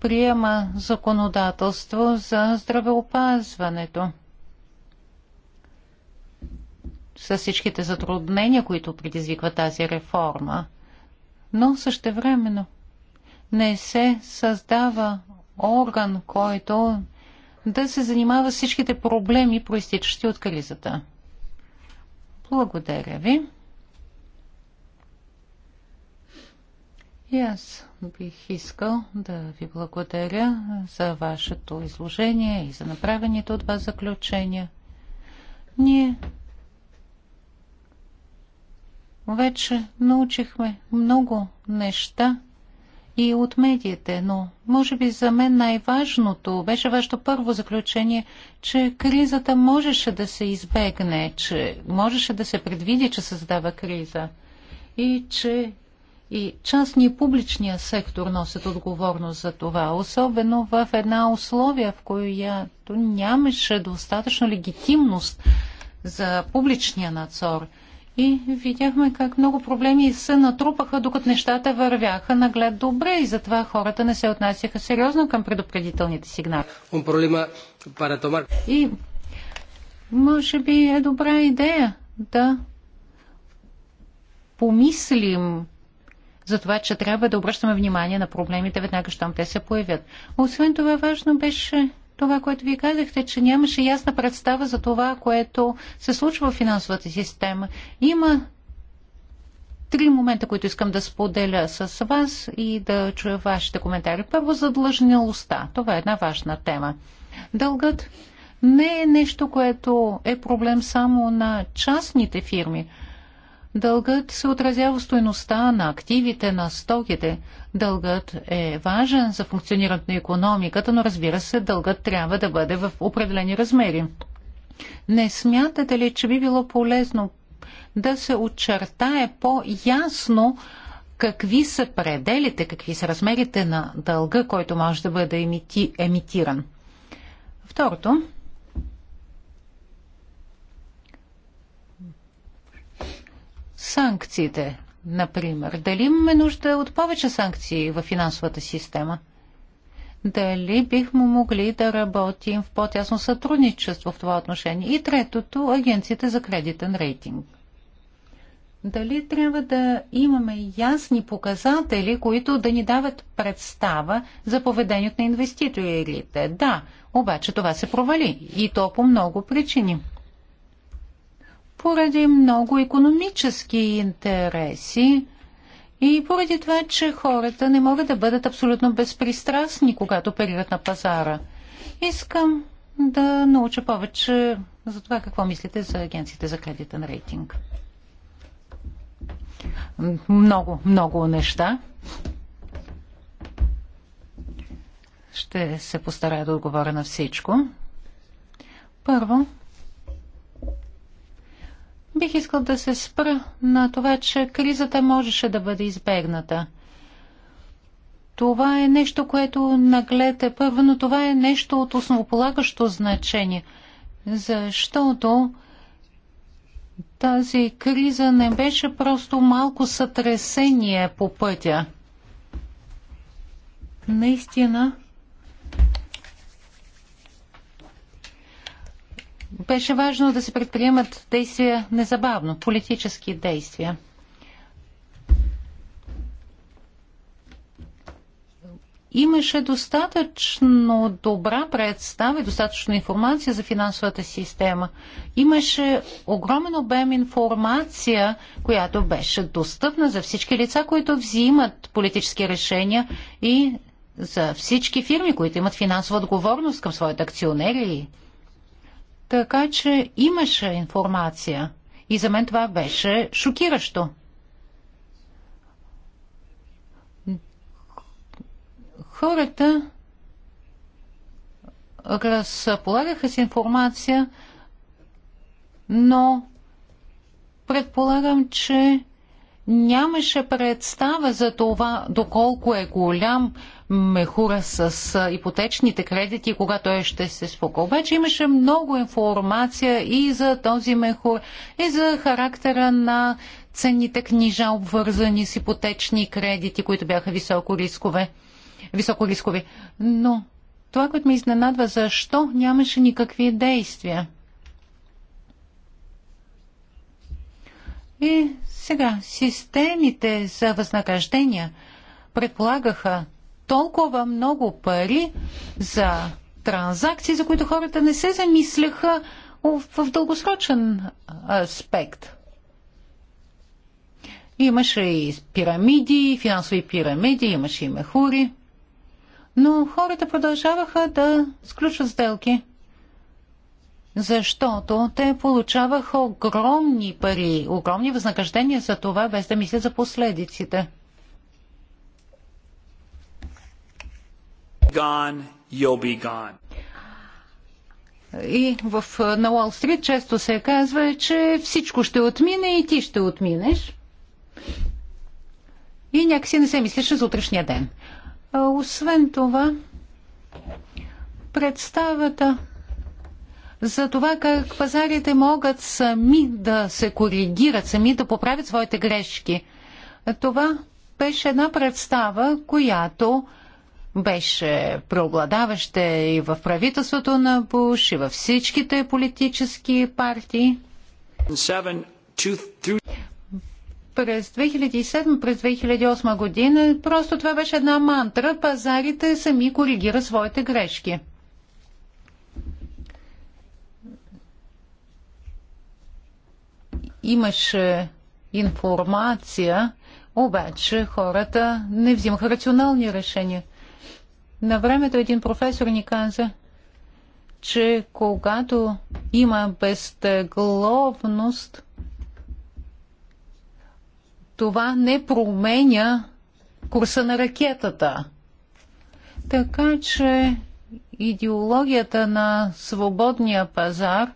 приема законодателство за здравеопазването. С всичките затруднения, които предизвиква тази реформа, но същевременно не се създава орган, който да се занимава с всичките проблеми, проистичащи от кризата. Благодаря ви. И аз бих искал да ви благодаря за вашето изложение и за направените от вас заключения. Ние вече научихме много неща и от медиите, но може би за мен най-важното беше вашето първо заключение, че кризата можеше да се избегне, че можеше да се предвиди, че създава криза и че и частни и публичния сектор носят отговорност за това, особено в една условия, в която нямаше достатъчно легитимност за публичния надзор. И видяхме как много проблеми се натрупаха, докато нещата вървяха наглед добре и затова хората не се отнасяха сериозно към предупредителните сигнали. И може би е добра идея да помислим за това, че трябва да обръщаме внимание на проблемите веднага, щом те се появят. Освен това, важно беше това, което вие казахте, че нямаше ясна представа за това, което се случва в финансовата система. Има три момента, които искам да споделя с вас и да чуя вашите коментари. Първо, задлъжнялостта. Това е една важна тема. Дългът не е нещо, което е проблем само на частните фирми. Дългът се отразява в стоеността на активите, на стоките. Дългът е важен за функционирането на економиката, но разбира се, дългът трябва да бъде в определени размери. Не смятате ли, че би било полезно да се очертае по-ясно какви са пределите, какви са размерите на дълга, който може да бъде емити, емитиран? Второто, санкциите, например? Дали имаме нужда от повече санкции в финансовата система? Дали бихме могли да работим в по-тясно сътрудничество в това отношение? И третото, агенциите за кредитен рейтинг. Дали трябва да имаме ясни показатели, които да ни дават представа за поведението на инвеститорите? Да, обаче това се провали и то по много причини поради много економически интереси и поради това, че хората не могат да бъдат абсолютно безпристрастни, когато перират на пазара. Искам да науча повече за това какво мислите за агенциите за кредитен рейтинг. Много, много неща. Ще се постарая да отговоря на всичко. Първо, Бих искал да се спра на това, че кризата можеше да бъде избегната. Това е нещо, което наглед е първо, но това е нещо от основополагащо значение, защото тази криза не беше просто малко сътресение по пътя. Наистина, беше важно да се предприемат действия незабавно, политически действия. Имаше достатъчно добра представа и достатъчно информация за финансовата система. Имаше огромен обем информация, която беше достъпна за всички лица, които взимат политически решения и за всички фирми, които имат финансова отговорност към своите акционери и така че имаше информация. И за мен това беше шокиращо. Хората разполагаха с информация, но предполагам, че нямаше представа за това доколко е голям мехура с ипотечните кредити, кога той ще се спука. Обаче имаше много информация и за този мехур, и за характера на ценните книжа, обвързани с ипотечни кредити, които бяха високо рискове. Високо рискови. Но това, което ме изненадва, защо нямаше никакви действия. И сега, системите за възнаграждения предполагаха толкова много пари за транзакции, за които хората не се замисляха в дългосрочен аспект. Имаше и пирамиди, финансови пирамиди, имаше и мехури. Но хората продължаваха да сключват сделки защото те получаваха огромни пари, огромни възнаграждения за това, без да мислят за последиците. Gone, you'll be gone. И в, на Уолл Стрит често се казва, че всичко ще отмине и ти ще отминеш. И някакси не се мислеше за утрешния ден. А, освен това, представата за това как пазарите могат сами да се коригират, сами да поправят своите грешки. Това беше една представа, която беше преобладаваща и в правителството на Буш, и във всичките политически партии. През 2007, през 2008 година просто това беше една мантра. Пазарите сами коригира своите грешки. Имаше информация, обаче хората не взимаха рационални решения. На времето един професор ни каза, че когато има безтегловност, това не променя курса на ракетата. Така че идеологията на свободния пазар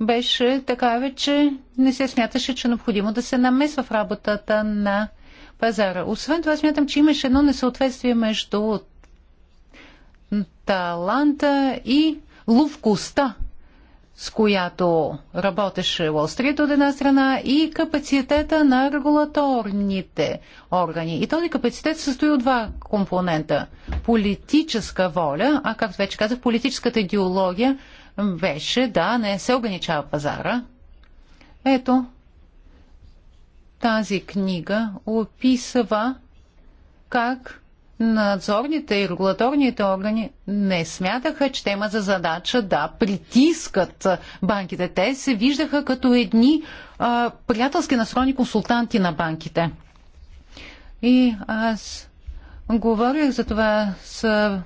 беше такава, че не се смяташе, че е необходимо да се намесва в работата на пазара. Освен това, смятам, че имаше едно несъответствие между таланта и ловкостта, с която работеше Уолл Стрит от една страна и капацитета на регулаторните органи. И този капацитет състои от два компонента. Политическа воля, а както вече казах, политическата идеология – беше да не се ограничава пазара. Ето, тази книга описва как надзорните и регулаторните органи не смятаха, че те имат за задача да притискат банките. Те се виждаха като едни а, приятелски настроени консултанти на банките. И аз говорих за това с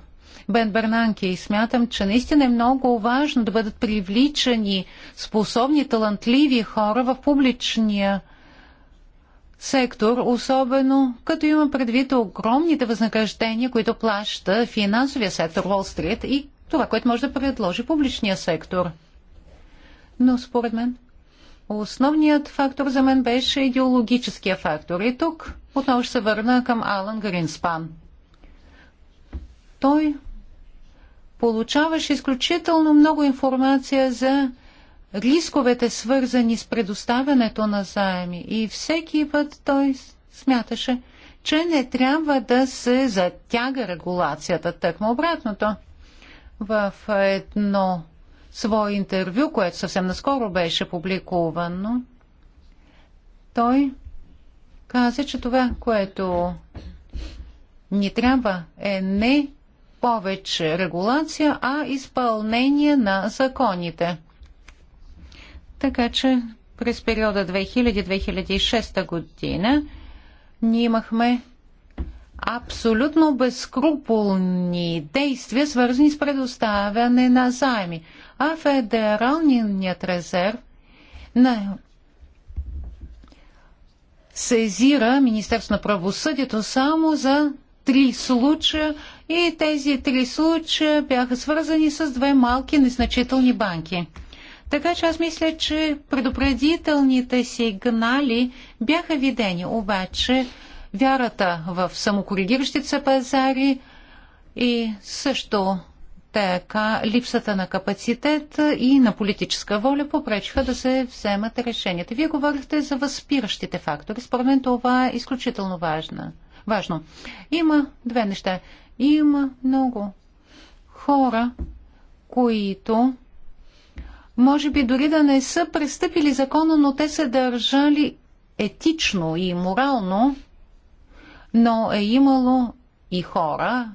Бен Бернанки и смятам, че наистина е много важно да бъдат привличани способни, талантливи хора в публичния сектор, особено като има предвид огромните възнаграждения, които плаща финансовия сектор Wall Street и това, което може да предложи публичния сектор. Но според мен основният фактор за мен беше идеологическия фактор. И тук отново ще се върна към Алан Гринспан. Той получаваш изключително много информация за рисковете, свързани с предоставянето на заеми. И всеки път той смяташе, че не трябва да се затяга регулацията. Тъкмо обратното. В едно свое интервю, което съвсем наскоро беше публикувано, той каза, че това, което ни трябва е не повече регулация, а изпълнение на законите. Така че през периода 2000-2006 година ние имахме абсолютно безкруполни действия, свързани с предоставяне на заеми. А Федералният резерв на сезира Министерство на правосъдието само за три случая и тези три случая бяха свързани с две малки незначителни банки. Така че аз мисля, че предупредителните сигнали бяха видени, обаче вярата в самокоригиращите се пазари и също така липсата на капацитет и на политическа воля попречиха да се вземат решенията. Вие говорихте за възпиращите фактори. Според мен това е изключително важно. Важно. Има две неща. Има много хора, които може би дори да не са престъпили закона, но те са държали етично и морално, но е имало и хора,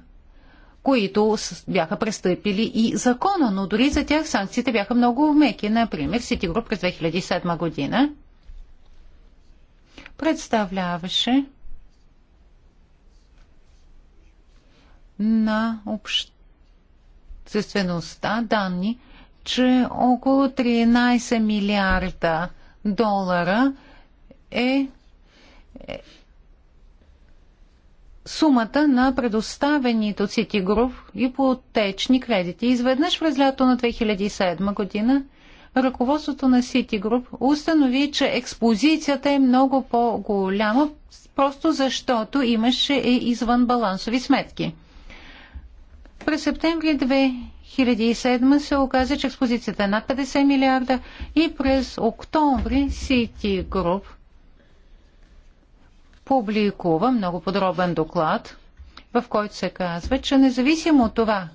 които бяха престъпили и закона, но дори за тях санкциите бяха много меки. Например, Ситигруп през 2007 година представляваше на обществеността данни, че около 13 милиарда долара е, е сумата на предоставените от по течни кредити. Изведнъж през лято на 2007 година ръководството на Citigroup установи, че експозицията е много по-голяма, просто защото имаше и извънбалансови сметки. През септември 2007 се оказа, че експозицията е над 50 милиарда и през октомври City Group публикува много подробен доклад, в който се казва, че независимо от това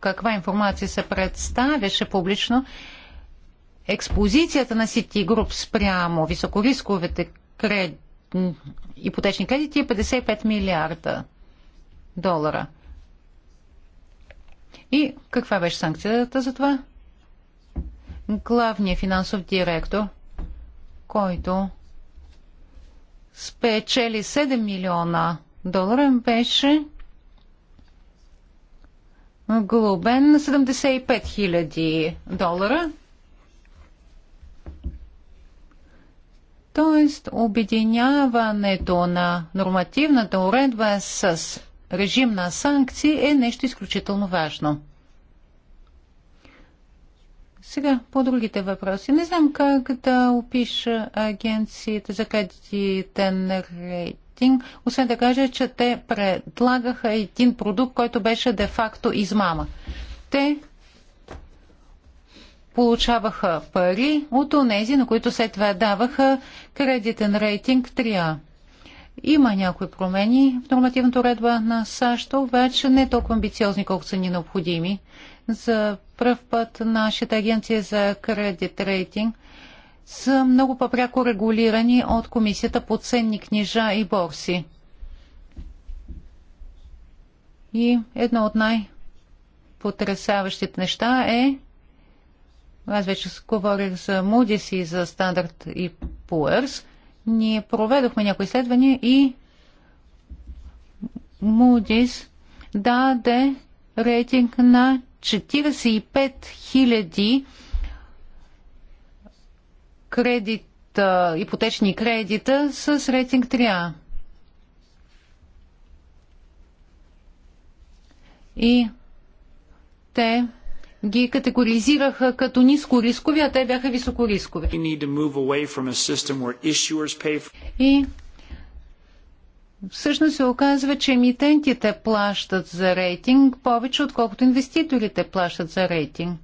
каква информация се представяше публично, експозицията на Group спрямо високорисковите кред... ипотечни кредити е 55 милиарда долара – и каква беше санкцията за това? Главният финансов директор, който спечели 7 милиона долара, беше глобен 75 хиляди долара. Тоест, обединяването на нормативната уредба с режим на санкции е нещо изключително важно. Сега по другите въпроси. Не знам как да опиша агенцията за кредитен рейтинг, освен да кажа, че те предлагаха един продукт, който беше де-факто измама. Те получаваха пари от онези, на които след това даваха кредитен рейтинг 3А. Има някои промени в нормативната уредба на САЩ, обаче не толкова амбициозни, колкото са ни необходими. За първ път нашата агенция за кредит рейтинг са много по-пряко регулирани от Комисията по ценни книжа и борси. И едно от най-потрясаващите неща е аз вече говорих за Moody's и за Standard и Poor's – ние проведохме някои изследвания и Moody's даде рейтинг на 45 000 кредита, ипотечни кредита с рейтинг 3А. И те ги категоризираха като ниско рискови, а те бяха високо рискови. И всъщност се оказва, че емитентите плащат за рейтинг повече, отколкото инвеститорите плащат за рейтинг.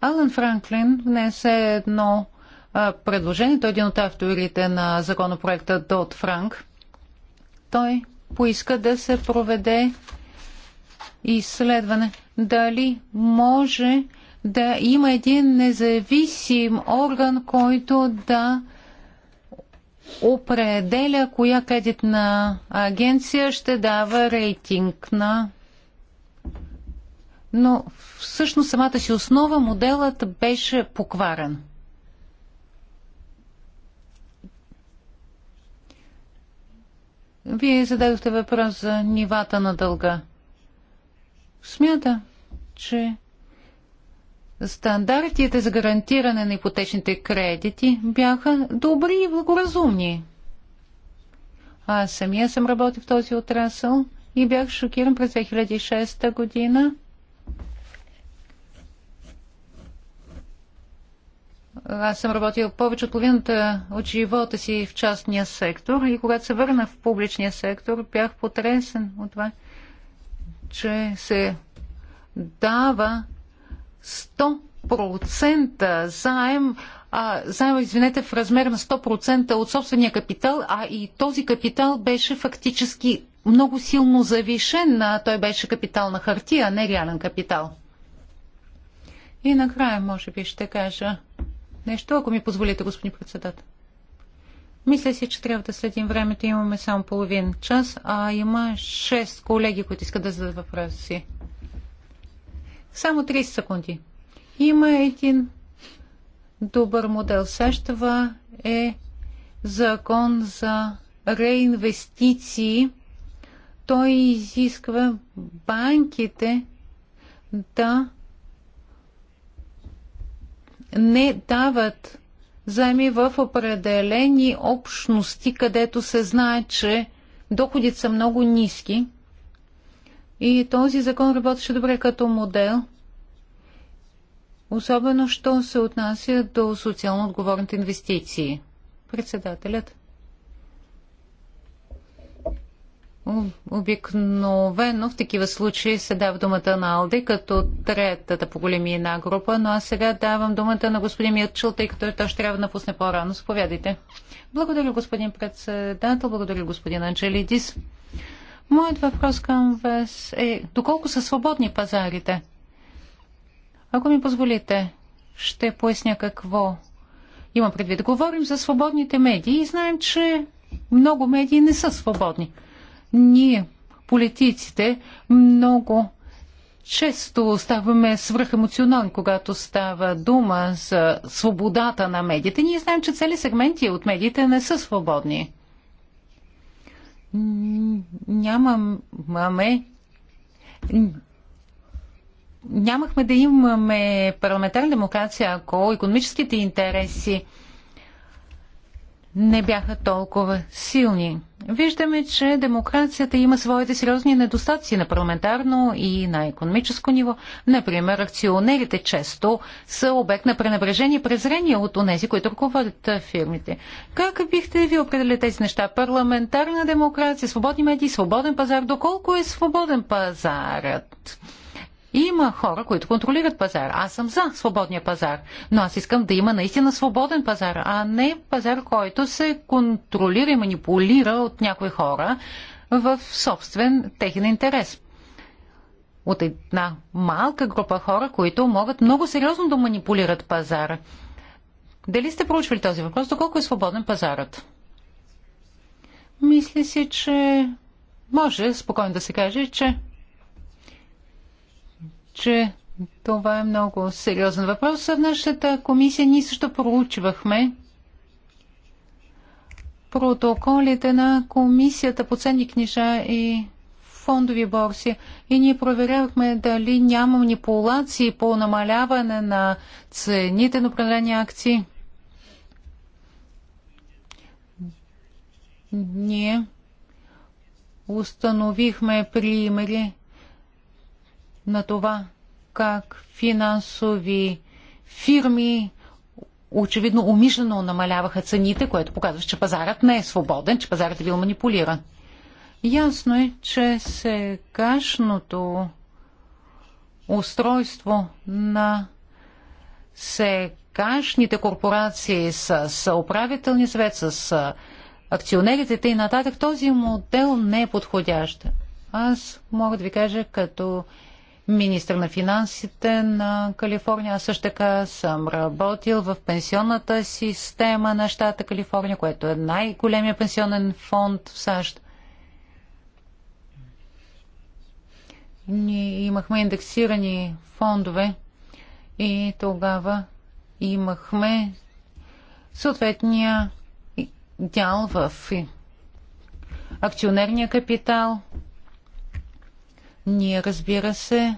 Алан Франклин внесе едно а, предложение. Той е един от авторите на законопроекта Дот Франк. Той поиска да се проведе изследване, дали може да има един независим орган, който да определя коя кредитна агенция ще дава рейтинг на. Но всъщност самата си основа моделът беше покварен. Вие зададохте въпрос за нивата на дълга. Смята, че стандартите за гарантиране на ипотечните кредити бяха добри и благоразумни. Аз самия съм работил в този отрасъл и бях шокиран през 2006 година. Аз съм работил повече от половината от живота си в частния сектор и когато се върна в публичния сектор, бях потресен от това, че се дава 100% заем, а, заем, извинете, в размер на 100% от собствения капитал, а и този капитал беше фактически много силно завишен. а Той беше капитал на хартия, а не реален капитал. И накрая, може би, ще кажа нещо, ако ми позволите, господин председател. Мисля си, че трябва да следим времето. Имаме само половин час, а има 6 колеги, които искат да зададат въпроси. Само 30 секунди. Има един добър модел. САЩ е закон за реинвестиции. Той изисква банките да не дават заеми в определени общности, където се знае, че доходите са много ниски. И този закон работеше добре като модел, особено що се отнася до социално отговорните инвестиции. Председателят. Обикновено в такива случаи се дава думата на Алди като третата по големина група, но аз сега давам думата на господин Мирчел, тъй като той ще трябва да напусне по-рано. Споведайте. Благодаря, господин председател. Благодаря, господин Анджелидис. Моят въпрос към вас е доколко са свободни пазарите? Ако ми позволите, ще поясня какво имам предвид. Говорим за свободните медии и знаем, че много медии не са свободни ние, политиците, много често ставаме свръхемоционални, когато става дума за свободата на медиите. Ние знаем, че цели сегменти от медиите не са свободни. Нямаме. Нямахме да имаме парламентарна демокрация, ако економическите интереси не бяха толкова силни. Виждаме, че демокрацията има своите сериозни недостатъци на парламентарно и на економическо ниво. Например, акционерите често са обект на пренебрежение и презрение от онези, които ръководят фирмите. Как бихте ви определили тези неща? Парламентарна демокрация, свободни медии, свободен пазар. Доколко е свободен пазарът? Има хора, които контролират пазар. Аз съм за свободния пазар, но аз искам да има наистина свободен пазар, а не пазар, който се контролира и манипулира от някои хора в собствен техен интерес от една малка група хора, които могат много сериозно да манипулират пазара. Дали сте проучвали този въпрос? Доколко е свободен пазарът? Мисля си, че може спокойно да се каже, че че това е много сериозен въпрос. В нашата комисия ние също проучвахме протоколите на комисията по ценни книжа и фондови борси и ние проверявахме дали няма манипулации по намаляване на цените на определени акции. Ние установихме примери на това как финансови фирми очевидно умишлено намаляваха цените, което показва, че пазарът не е свободен, че пазарът е бил манипулиран. Ясно е, че сегашното устройство на сегашните корпорации с, управителни съвет, с акционерите и нататък, този модел не е подходящ. Аз мога да ви кажа като министр на финансите на Калифорния. Аз също така съм работил в пенсионната система на щата Калифорния, което е най-големия пенсионен фонд в САЩ. Ние имахме индексирани фондове и тогава имахме съответния дял в акционерния капитал ние, разбира се,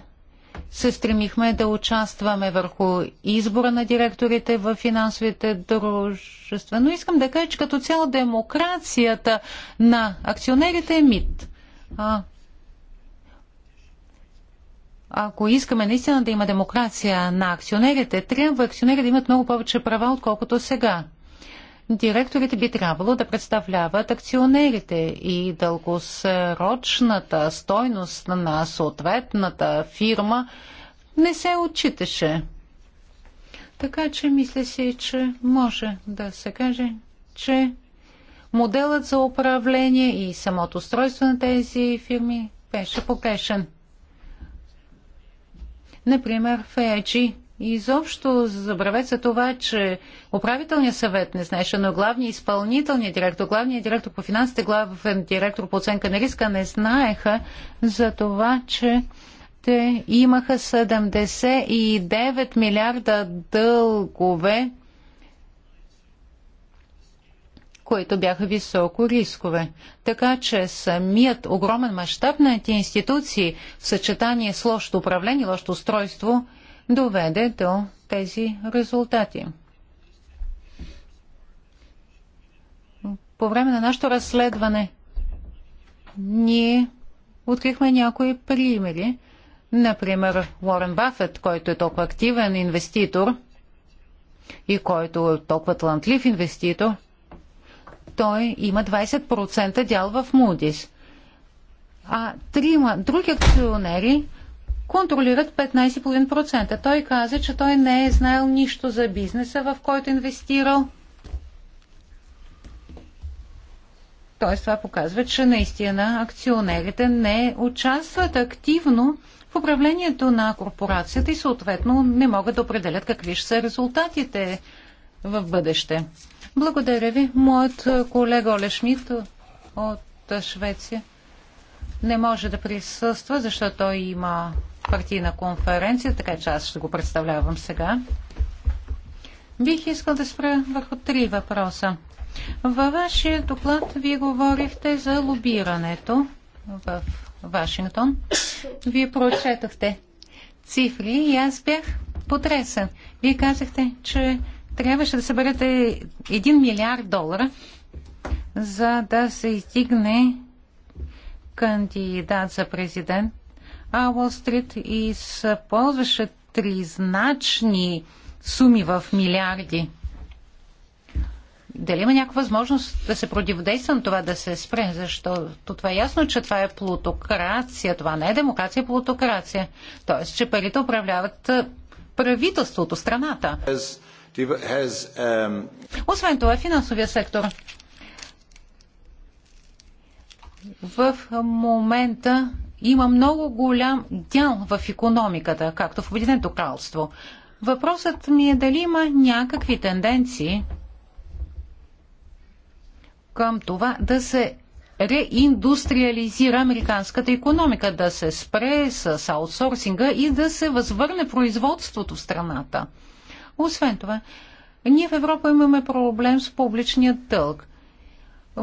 се стремихме да участваме върху избора на директорите в финансовите дружества. Но искам да кажа, че като цяло демокрацията на акционерите е мит. А, ако искаме наистина да има демокрация на акционерите, трябва акционери да имат много повече права, отколкото сега директорите би трябвало да представляват акционерите и дългосрочната стойност на съответната фирма не се отчиташе. Така че мисля си, че може да се каже, че моделът за управление и самото устройство на тези фирми беше погрешен. Например, в Изобщо забравете за това, че управителният съвет не знаеше, но главният изпълнителният директор, главният директор по финансите, главен директор по оценка на риска не знаеха за това, че те имаха 79 милиарда дългове, които бяха високо рискове. Така че самият огромен мащаб на тези институции в съчетание с лошото управление, лошото устройство – доведе до тези резултати. По време на нашето разследване ние открихме някои примери. Например, Уорен Бафет, който е толкова активен инвеститор и който е толкова талантлив инвеститор, той има 20% дял в Moody's. А трима други акционери контролират 15,5%. Той каза, че той не е знаел нищо за бизнеса, в който е инвестирал. Тоест това показва, че наистина акционерите не участват активно в управлението на корпорацията и съответно не могат да определят какви ще са резултатите в бъдеще. Благодаря ви. Моят колега Оле Шмидт от Швеция не може да присъства, защото той има партийна конференция, така че аз ще го представлявам сега. Бих искал да спра върху три въпроса. Във вашия доклад вие говорихте за лобирането в Вашингтон. Вие прочетохте цифри и аз бях потресен. Вие казахте, че трябваше да съберете 1 милиард долара, за да се издигне кандидат за президент а Уолстрит използваше тризначни суми в милиарди. Дали има някаква възможност да се противодейства на това, да се спре? Защото това е ясно, че това е плутокрация. Това не е демокрация, е плутокрация. Тоест, че парите управляват правителството, страната. Освен това, финансовия сектор. В момента има много голям дял в економиката, както в Обединеното кралство. Въпросът ми е дали има някакви тенденции към това да се реиндустриализира американската економика, да се спре с аутсорсинга и да се възвърне производството в страната. Освен това, ние в Европа имаме проблем с публичния дълг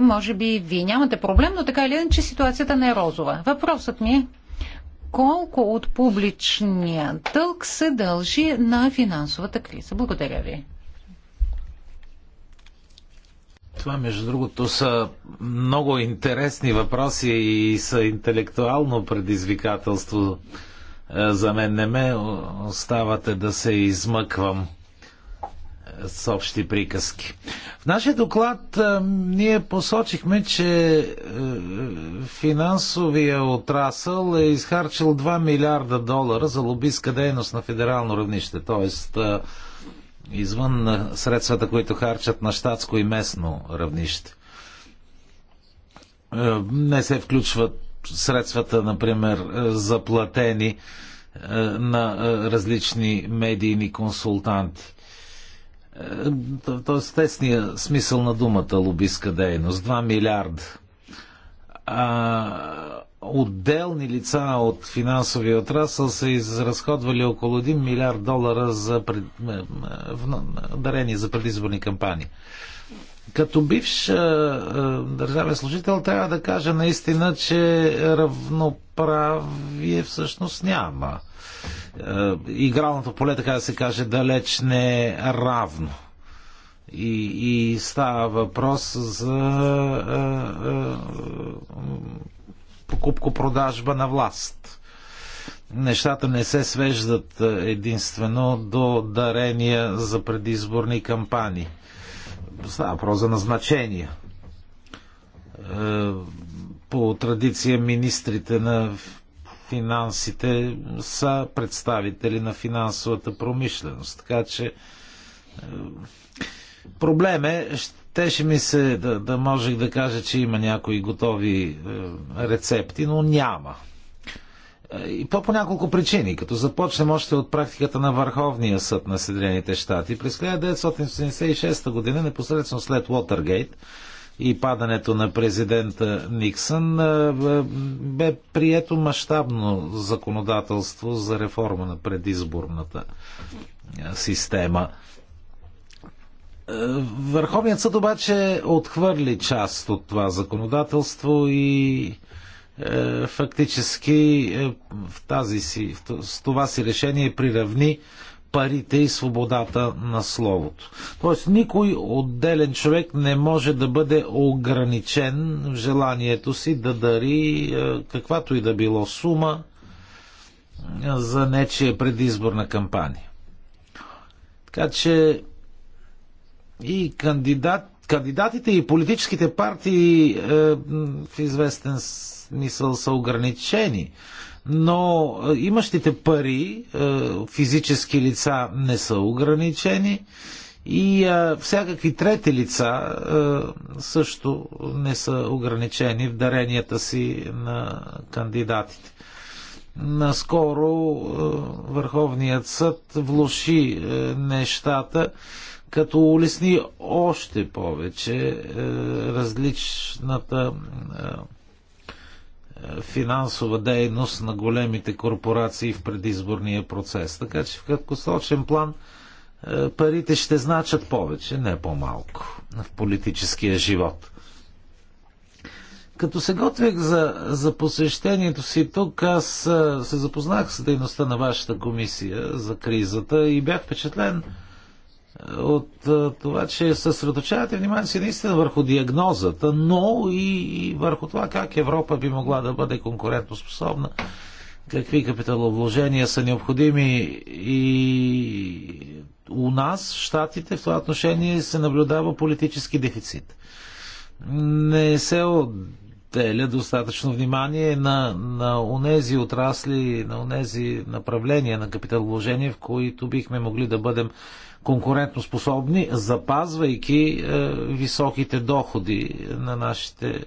може би вие нямате проблем, но така или иначе ситуацията не е розова. Въпросът ми е колко от публичния дълг се дължи на финансовата криза. Благодаря ви. Това, между другото, са много интересни въпроси и са интелектуално предизвикателство е, за мен. Не ме оставате да се измъквам с общи приказки. В нашия доклад а, ние посочихме, че е, финансовия отрасъл е изхарчил 2 милиарда долара за лобистка дейност на федерално равнище, т.е. Е, извън е, средствата, които харчат на щатско и местно равнище. не се включват средствата, например, заплатени на различни медийни консултанти т.е. тесния смисъл на думата лобистка дейност, 2 милиарда. А, отделни лица от финансовия отрасъл са изразходвали около 1 милиард долара за пред... дарения за предизборни кампании. Като бивш а, е, е, държавен служител трябва да кажа наистина, че равноправие всъщност няма. Е, игралното поле, така да се каже, далеч не е равно. И, и става въпрос за е, е, покупко-продажба на власт. Нещата не се свеждат единствено до дарения за предизборни кампании. Става въпрос за назначения по традиция министрите на финансите са представители на финансовата промишленост. Така че е, проблем е, щеше ми се да, да можех да кажа, че има някои готови е, рецепти, но няма. Е, и по, по няколко причини, като започнем още от практиката на Върховния съд на Съединените щати. През 1976 година, непосредствено след Уотергейт, и падането на президента Никсън бе прието мащабно законодателство за реформа на предизборната система. Върховният съд обаче отхвърли част от това законодателство и фактически в тази си, в това си решение приравни парите и свободата на словото. Тоест никой отделен човек не може да бъде ограничен в желанието си да дари е, каквато и да било сума е, за нечия предизборна кампания. Така че и кандидат, кандидатите и политическите партии е, в известен смисъл са ограничени но е, имащите пари е, физически лица не са ограничени и е, всякакви трети лица също не са ограничени в даренията си на кандидатите. Наскоро Върховният съд влуши нещата като улесни още повече различната финансова дейност на големите корпорации в предизборния процес. Така че в краткосрочен план е, парите ще значат повече, не по-малко, в политическия живот. Като се готвих за, за посещението си тук, аз е, се запознах с дейността на вашата комисия за кризата и бях впечатлен от това, че съсредоточавате внимание си наистина върху диагнозата, но и върху това как Европа би могла да бъде конкурентоспособна, какви капиталовложения са необходими и у нас, в Штатите, в това отношение се наблюдава политически дефицит. Не се отделя достатъчно внимание на, на унези отрасли, на унези направления на капиталовложения, в които бихме могли да бъдем конкурентоспособни, запазвайки е, високите доходи на нашите е,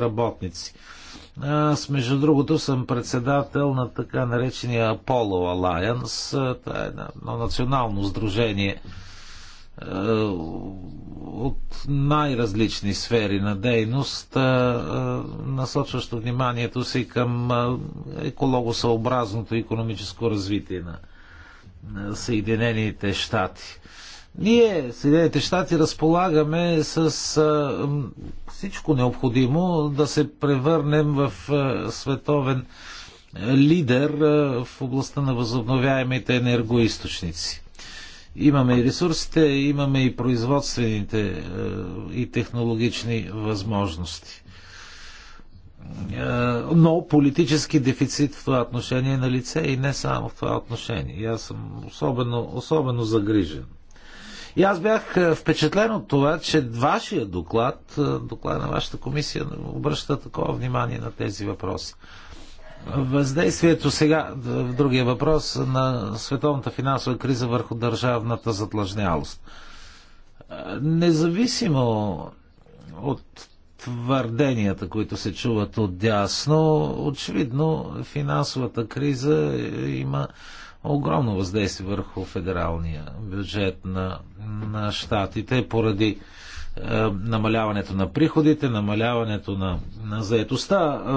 работници. Е, аз, между другото, съм председател на така наречения Apollo Alliance. Това е едно национално сдружение от най-различни сфери на дейност, насочващо вниманието си към екологосъобразното економическо развитие на Съединените щати. Ние, Съединените щати, разполагаме с а, всичко необходимо да се превърнем в а, световен лидер а, в областта на възобновяемите енергоисточници. Имаме и ресурсите, имаме и производствените а, и технологични възможности. Е, но политически дефицит в това отношение е на лице и не само в това отношение. И аз съм особено, особено загрижен. И аз бях е, впечатлен от това, че вашия доклад, доклад на вашата комисия, обръща такова внимание на тези въпроси. Въздействието сега, в другия въпрос, на световната финансова криза върху държавната затлъжнялост. Независимо от твърденията, които се чуват от дясно, очевидно финансовата криза е, има огромно въздействие върху федералния бюджет на, на щатите поради е, намаляването на приходите, намаляването на, на заетостта. Е,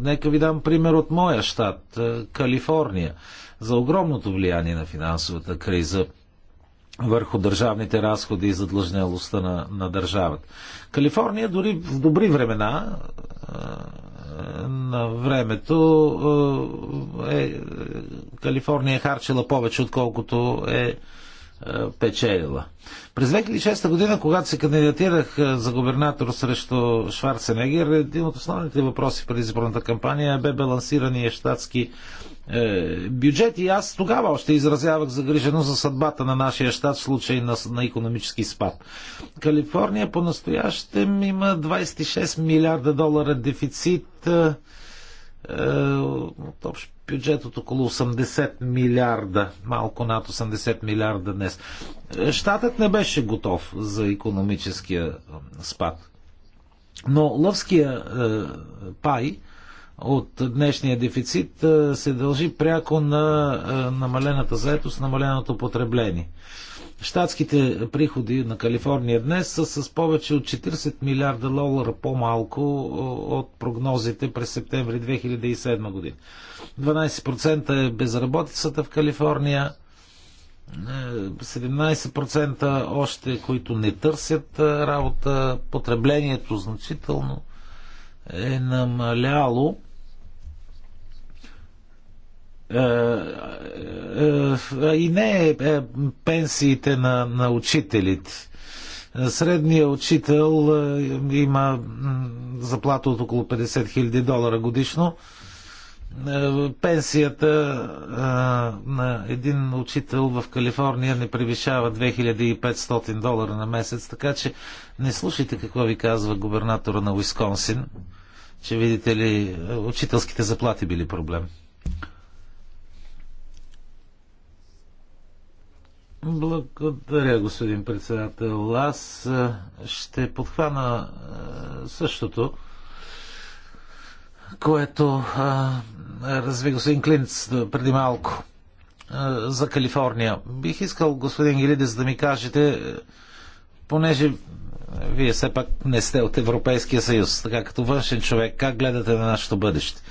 нека ви дам пример от моя щат, е, Калифорния, за огромното влияние на финансовата криза върху държавните разходи и задлъжнялостта на, на държавата. Калифорния дори в добри времена на времето е, Калифорния е харчила повече, отколкото е печелила. През 2006 година, когато се кандидатирах за губернатор срещу Шварценегер, един от основните въпроси пред изборната кампания бе балансирания щатски е, бюджет и аз тогава още изразявах загрижено за съдбата на нашия щат в случай на, на економически спад. Калифорния по-настоящем има 26 милиарда долара дефицит е, е, от общ бюджет от около 80 милиарда, малко над 80 милиарда днес. Штатът е, не беше готов за економическия спад. Но лъвския е, пай от днешния дефицит се дължи пряко на намалената заетост, намаленото потребление. Штатските приходи на Калифорния днес са с повече от 40 милиарда долара по-малко от прогнозите през септември 2007 година. 12% е безработицата в Калифорния, 17% още, които не търсят работа, потреблението значително е намаляло е, е, е, и не пенсиите на, на учителите. Средният учител има заплата от около 50 000 долара годишно. Пенсията на един учител в Калифорния не превишава 2500 долара на месец, така че не слушайте какво ви казва губернатора на Уисконсин, че видите ли, учителските заплати били проблем. Благодаря, господин председател. Аз ще подхвана същото, което разви господин Клинц преди малко за Калифорния. Бих искал, господин Гилидес, да ми кажете, понеже вие все пак не сте от Европейския съюз, така като външен човек, как гледате на нашето бъдеще?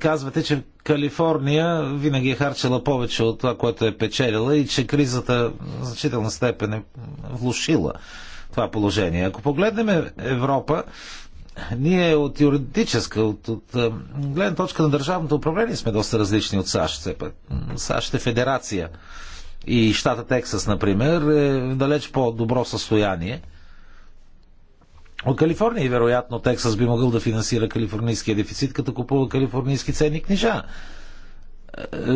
Казвате, че Калифорния винаги е харчила повече от това, което е печелила и че кризата в значителна степен е влушила това положение. Ако погледнем Европа, ние от юридическа, от, от гледна точка на държавното управление сме доста различни от САЩ. Все САЩ е федерация и щата Тексас, например, е в далеч по-добро състояние от Калифорния и вероятно Тексас би могъл да финансира калифорнийския дефицит, като купува калифорнийски ценни книжа. Е,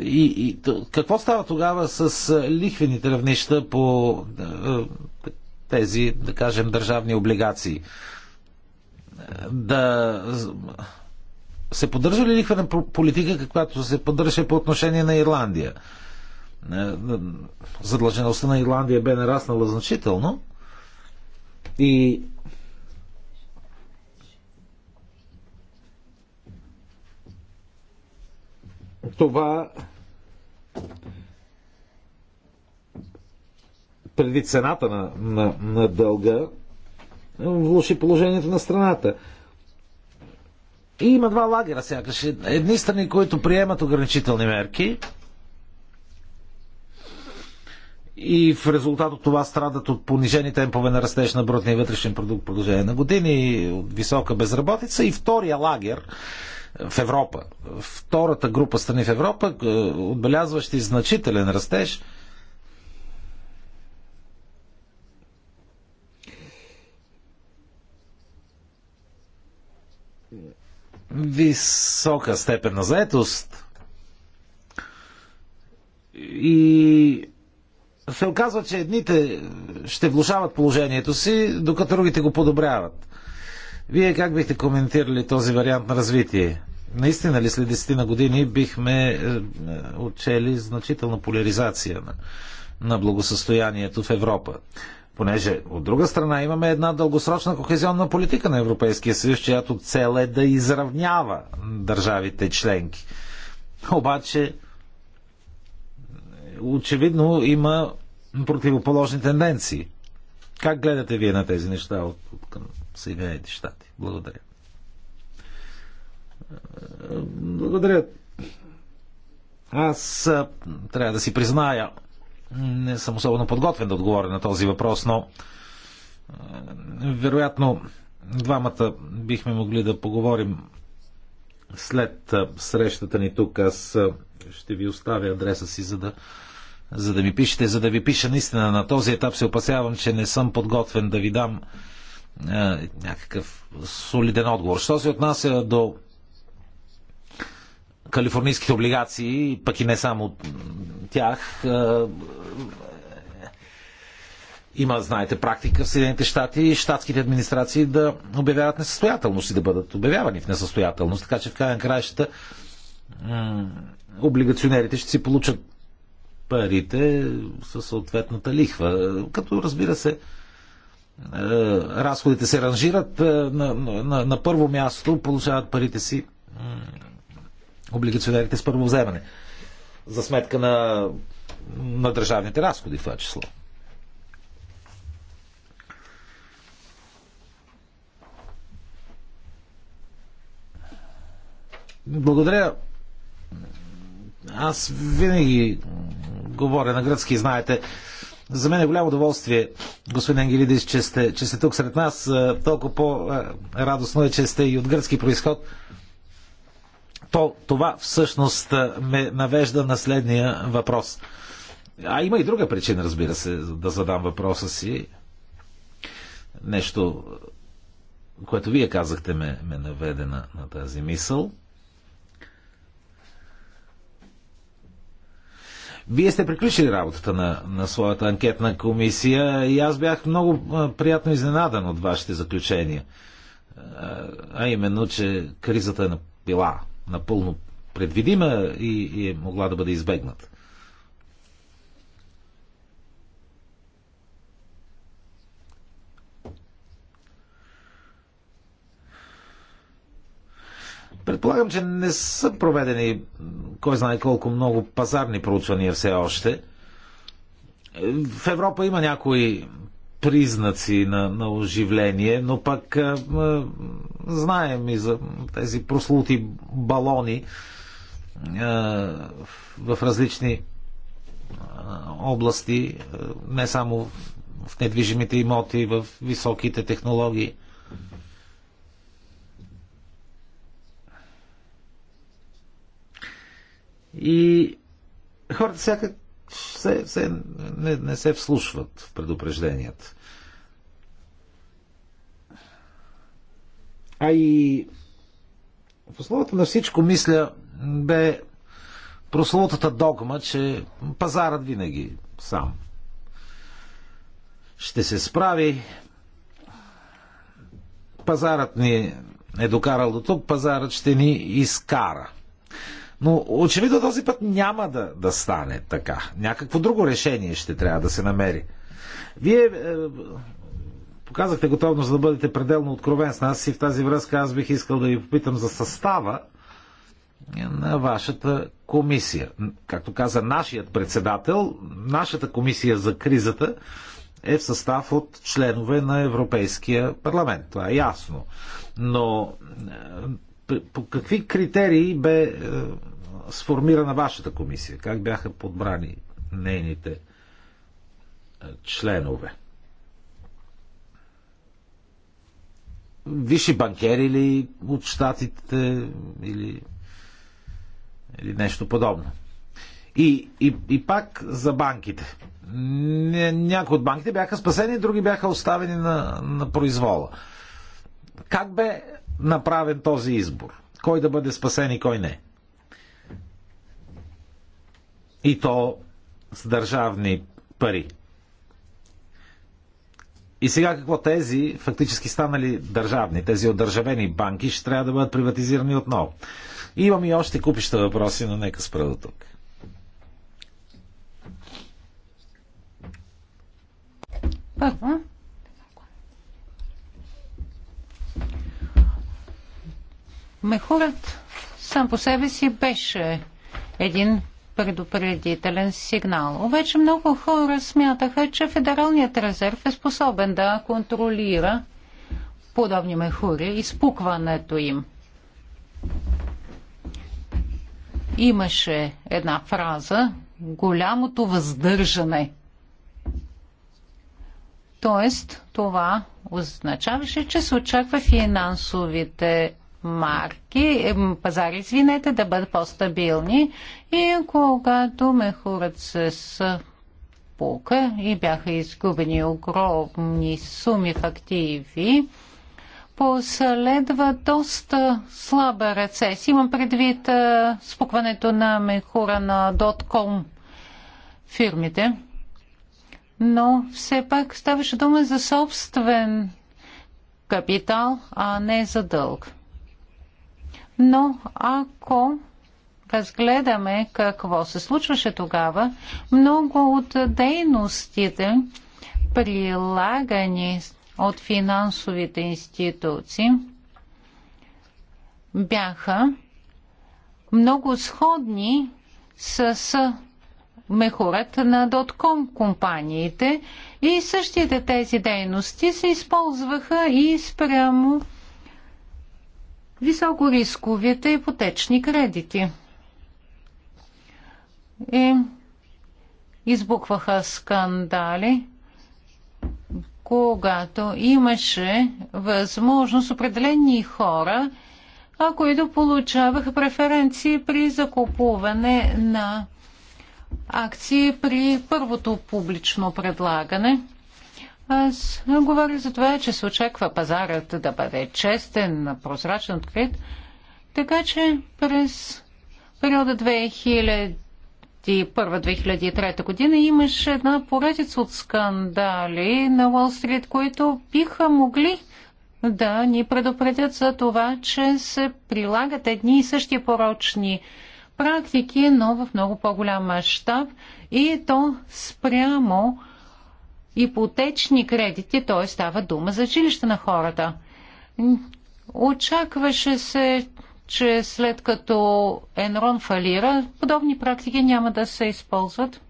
и, и какво става тогава с е, лихвените равнища по е, тези, да кажем, държавни облигации? Да се поддържа ли лихвена политика, каквато се поддържа по отношение на Ирландия? Задлъжеността на Ирландия бе нараснала значително, и това преди цената на, на, на дълга е, влуши положението на страната. И има два лагера сякаш. Едни страни, които приемат ограничителни мерки, и в резултат от това страдат от понижени темпове на растеж на брутния вътрешен продукт в продължение на години, от висока безработица и втория лагер в Европа. Втората група страни в Европа, е, отбелязващи значителен растеж, висока степен на заетост и се оказва, че едните ще влушават положението си, докато другите го подобряват. Вие как бихте коментирали този вариант на развитие? Наистина ли след 10 на години бихме е, е, отчели значителна поляризация на, на благосъстоянието в Европа? Понеже от друга страна имаме една дългосрочна кохезионна политика на Европейския съюз, чиято цел е да изравнява държавите членки. Обаче очевидно има противоположни тенденции. Как гледате вие на тези неща от, от към Съединените щати? Благодаря. Благодаря. Аз трябва да си призная, не съм особено подготвен да отговоря на този въпрос, но вероятно двамата бихме могли да поговорим след срещата ни тук. Аз ще ви оставя адреса си, за да за да ми пишете, за да ви пиша наистина на този етап се опасявам, че не съм подготвен да ви дам е, някакъв солиден отговор. Що се отнася до калифорнийските облигации, пък и не само тях, е, има, знаете, практика в Съединените щати и щатските администрации да обявяват несъстоятелност и да бъдат обявявани в несъстоятелност. Така че в крайна на краищата облигационерите ще си получат парите със съответната лихва. Като разбира се, е, разходите се ранжират, е, на, на, на първо място получават парите си облигационерите с първо вземане. За сметка на, на държавните разходи в това число. Благодаря аз винаги говоря на гръцки, знаете. За мен е голямо удоволствие, господин Ангелидис, че сте, че сте тук сред нас. Е, толкова по-радостно е, че сте и от гръцки происход. То, това всъщност е, ме навежда на следния въпрос. А има и друга причина, разбира се, да задам въпроса си. Нещо, което вие казахте, ме, ме наведе на, на тази мисъл – Вие сте приключили работата на, на своята анкетна комисия и аз бях много приятно изненадан от вашите заключения. А именно, че кризата е била напълно предвидима и, и е могла да бъде избегната. Предполагам, че не са проведени кой знае колко много пазарни проучвания все още. В Европа има някои признаци на, на оживление, но пък а, а, знаем и за тези прослути балони а, в различни области, не само в недвижимите имоти, в високите технологии. И хората всяка се, се, не, не се вслушват в предупрежденията. А и в основата на всичко, мисля, бе прословутата догма, че пазарът винаги сам ще се справи. Пазарът ни е докарал до тук, пазарът ще ни изкара – но очевидно този път няма да, да стане така. Някакво друго решение ще трябва да се намери. Вие е, показахте готовност да бъдете пределно откровен с нас и в тази връзка аз бих искал да ви попитам за състава на вашата комисия. Както каза нашият председател, нашата комисия за кризата е в състав от членове на Европейския парламент. Това е ясно. Но е, по какви критерии бе е, сформирана вашата комисия? Как бяха подбрани нейните е, членове? Виши банкери ли от щатите или, или нещо подобно? И, и, и пак за банките. Някои от банките бяха спасени, други бяха оставени на, на произвола. Как бе направен този избор? Кой да бъде спасен и кой не? И то с държавни пари. И сега какво тези фактически станали държавни, тези отдържавени банки ще трябва да бъдат приватизирани отново. И имам и още купища въпроси, но нека спра до тук. Първо, Мехурът сам по себе си беше един предупредителен сигнал. Обаче много хора смятаха, че Федералният резерв е способен да контролира подобни мехури, изпукването им. Имаше една фраза голямото въздържане. Тоест, това означаваше, че се очаква финансовите марки, пазари, извинете, да бъдат по-стабилни. И когато мехурът се спука и бяха изгубени огромни суми в активи, последва доста слаба рецесия. Имам предвид спукването на мехура на .com фирмите. Но все пак ставаше дума за собствен капитал, а не за дълг. Но ако разгледаме какво се случваше тогава, много от дейностите, прилагани от финансовите институции, бяха много сходни с мехурът на Дотком компаниите и същите тези дейности се използваха и спрямо високорисковите ипотечни кредити. И избухваха скандали, когато имаше възможност определени хора, а които получаваха преференции при закупуване на акции при първото публично предлагане – аз говоря за това, че се очаква пазарът да бъде честен, прозрачен, открит. Така че през периода 2001-2003 година имаше една поредица от скандали на Уолл Стрит, които биха могли да ни предупредят за това, че се прилагат едни и същи порочни практики, но в много по-голям мащаб и то спрямо ипотечни кредити, т.е. става дума за жилища на хората. Очакваше се, че след като Енрон фалира, подобни практики няма да се използват.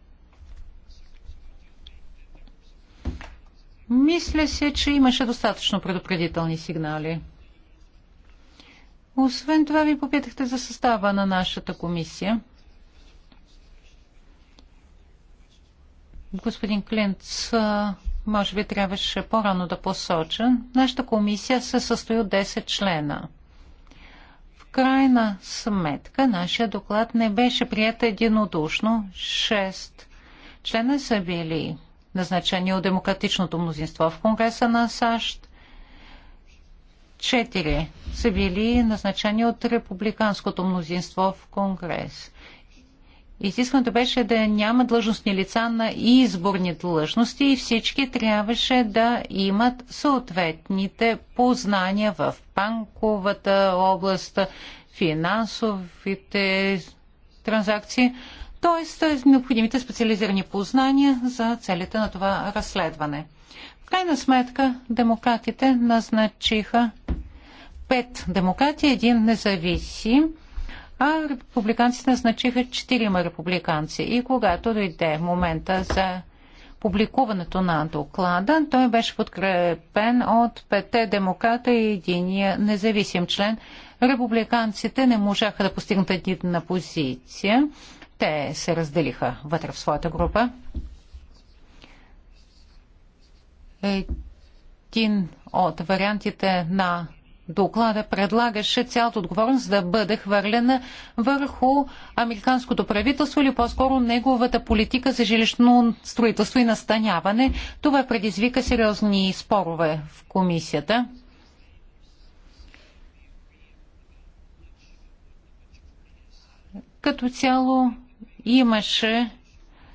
Мисля се, че имаше достатъчно предупредителни сигнали. Освен това, ви попитахте за състава на нашата комисия. господин Клинц, може би трябваше по-рано да посоча, нашата комисия се състои от 10 члена. В крайна сметка нашия доклад не беше прият единодушно. 6 члена са били назначени от демократичното мнозинство в Конгреса на САЩ. Четири са били назначени от републиканското мнозинство в Конгрес. Изискването беше да няма длъжностни лица на изборни длъжности и всички трябваше да имат съответните познания в банковата област, финансовите транзакции, т.е. необходимите специализирани познания за целите на това разследване. В крайна сметка демократите назначиха пет демократи, един независим – а републиканците назначиха четирима републиканци. И когато дойде момента за публикуването на доклада, той беше подкрепен от пете демократа и единия независим член. Републиканците не можаха да постигнат единна позиция. Те се разделиха вътре в своята група. Един от вариантите на доклада предлагаше цялата отговорност да бъде хвърлена върху американското правителство или по-скоро неговата политика за жилищно строителство и настаняване. Това предизвика сериозни спорове в комисията. Като цяло имаше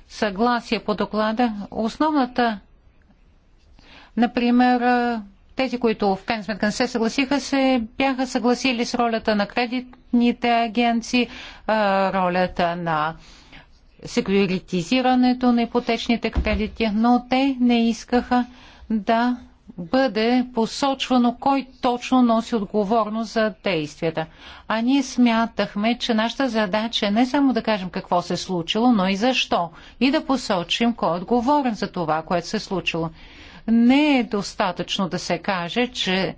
съгласие по доклада. Основната Например, тези, които в крайна сметка не се съгласиха, се бяха съгласили с ролята на кредитните агенции, ролята на секюритизирането на ипотечните кредити, но те не искаха да бъде посочвано кой точно носи отговорност за действията. А ние смятахме, че нашата задача е не само да кажем какво се е случило, но и защо. И да посочим кой е отговорен за това, което се е случило не е достатъчно да се каже, че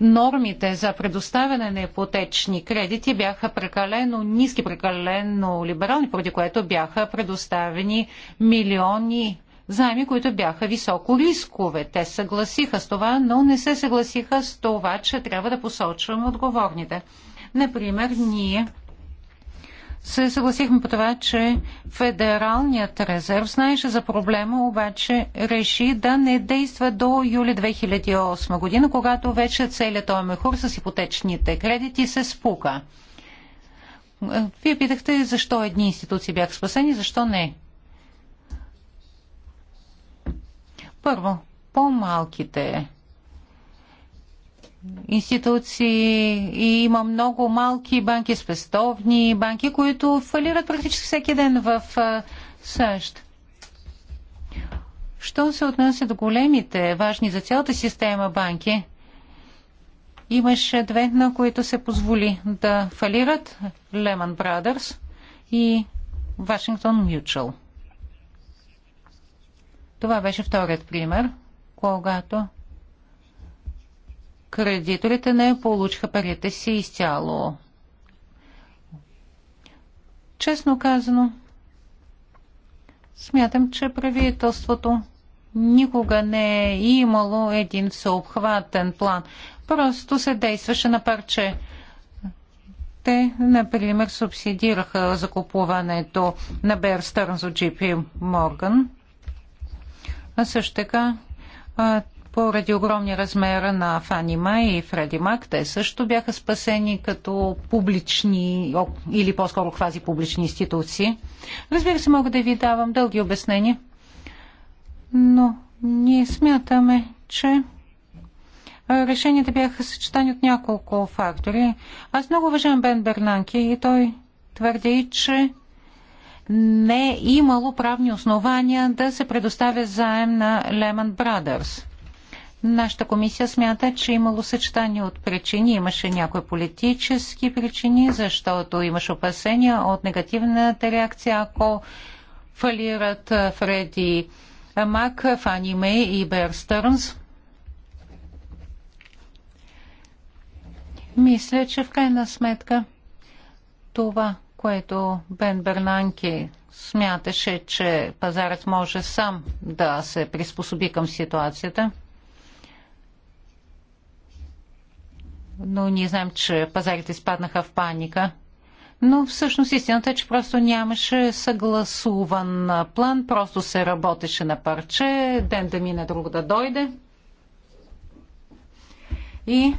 нормите за предоставяне на ипотечни кредити бяха прекалено ниски, прекалено либерални, поради което бяха предоставени милиони заеми, които бяха високо рискове. Те съгласиха с това, но не се съгласиха с това, че трябва да посочваме отговорните. Например, ние се съгласихме по това, че Федералният резерв знаеше за проблема, обаче реши да не действа до юли 2008 година, когато вече целият този мехур с ипотечните кредити се спука. Вие питахте защо едни институции бяха спасени, защо не. Първо, по-малките институции и има много малки банки, спестовни банки, които фалират практически всеки ден в САЩ. Що се отнася до големите, важни за цялата система банки, имаше две, на които се позволи да фалират Lehman Brothers и Washington Mutual. Това беше вторият пример, когато кредиторите не получиха парите си изцяло. Честно казано, смятам, че правителството никога не е имало един всеобхватен план. Просто се действаше на парче. Те, например, субсидираха закупуването на Bear Stearns от JP Morgan. А също така поради огромни размера на Фани Май и Фреди Мак, те също бяха спасени като публични или по-скоро квази публични институции. Разбира се, мога да ви давам дълги обяснения, но ние смятаме, че решенията бяха съчетани от няколко фактори. Аз много уважавам Бен Бернанки и той твърди, че не е имало правни основания да се предоставя заем на Lehman Brothers. Нашата комисия смята, че имало съчетание от причини. Имаше някои политически причини, защото имаше опасения от негативната реакция, ако фалират Фреди Мак, Фани Мей и Бер Стърнс. Мисля, че в крайна сметка това, което Бен Бернанки смяташе, че пазарът може сам да се приспособи към ситуацията – но ние знаем, че пазарите изпаднаха в паника. Но всъщност истината е, че просто нямаше съгласуван план, просто се работеше на парче, ден да мине, друг да дойде. И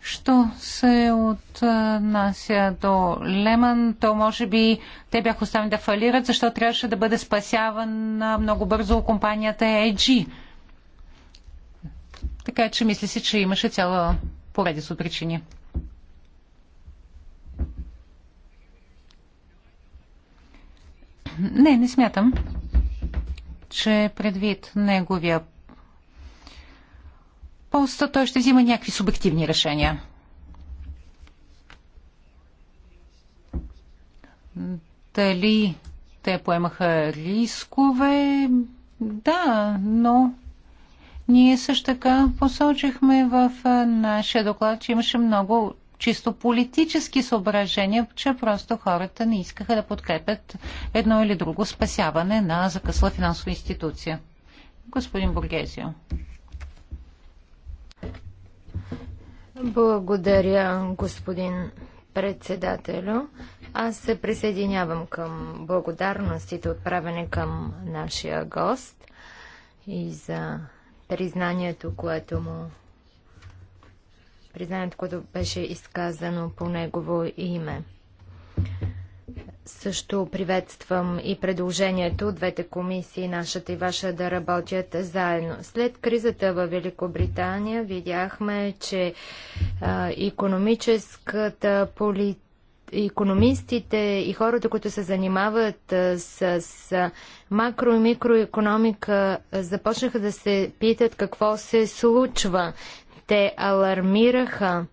що се отнася до Леман, то може би те бяха оставени да фалират, защото трябваше да бъде спасяван много бързо компанията AG. Така че мисля си, че имаше цяла поредица от причини. Не, не смятам, че предвид неговия полста, той ще взима някакви субективни решения. Дали те поемаха рискове? Да, но ние също така посочихме в нашия доклад, че имаше много чисто политически съображения, че просто хората не искаха да подкрепят едно или друго спасяване на закъсла финансова институция. Господин Бургезио. Благодаря, господин председателю. Аз се присъединявам към благодарностите, отправени към нашия гост и за признанието, което му признанието, което беше изказано по негово име. Също приветствам и предложението двете комисии, нашата и ваша, да работят заедно. След кризата в Великобритания видяхме, че а, економическата политика економистите и хората, които се занимават с, с макро- и микроекономика, започнаха да се питат какво се случва. Те алармираха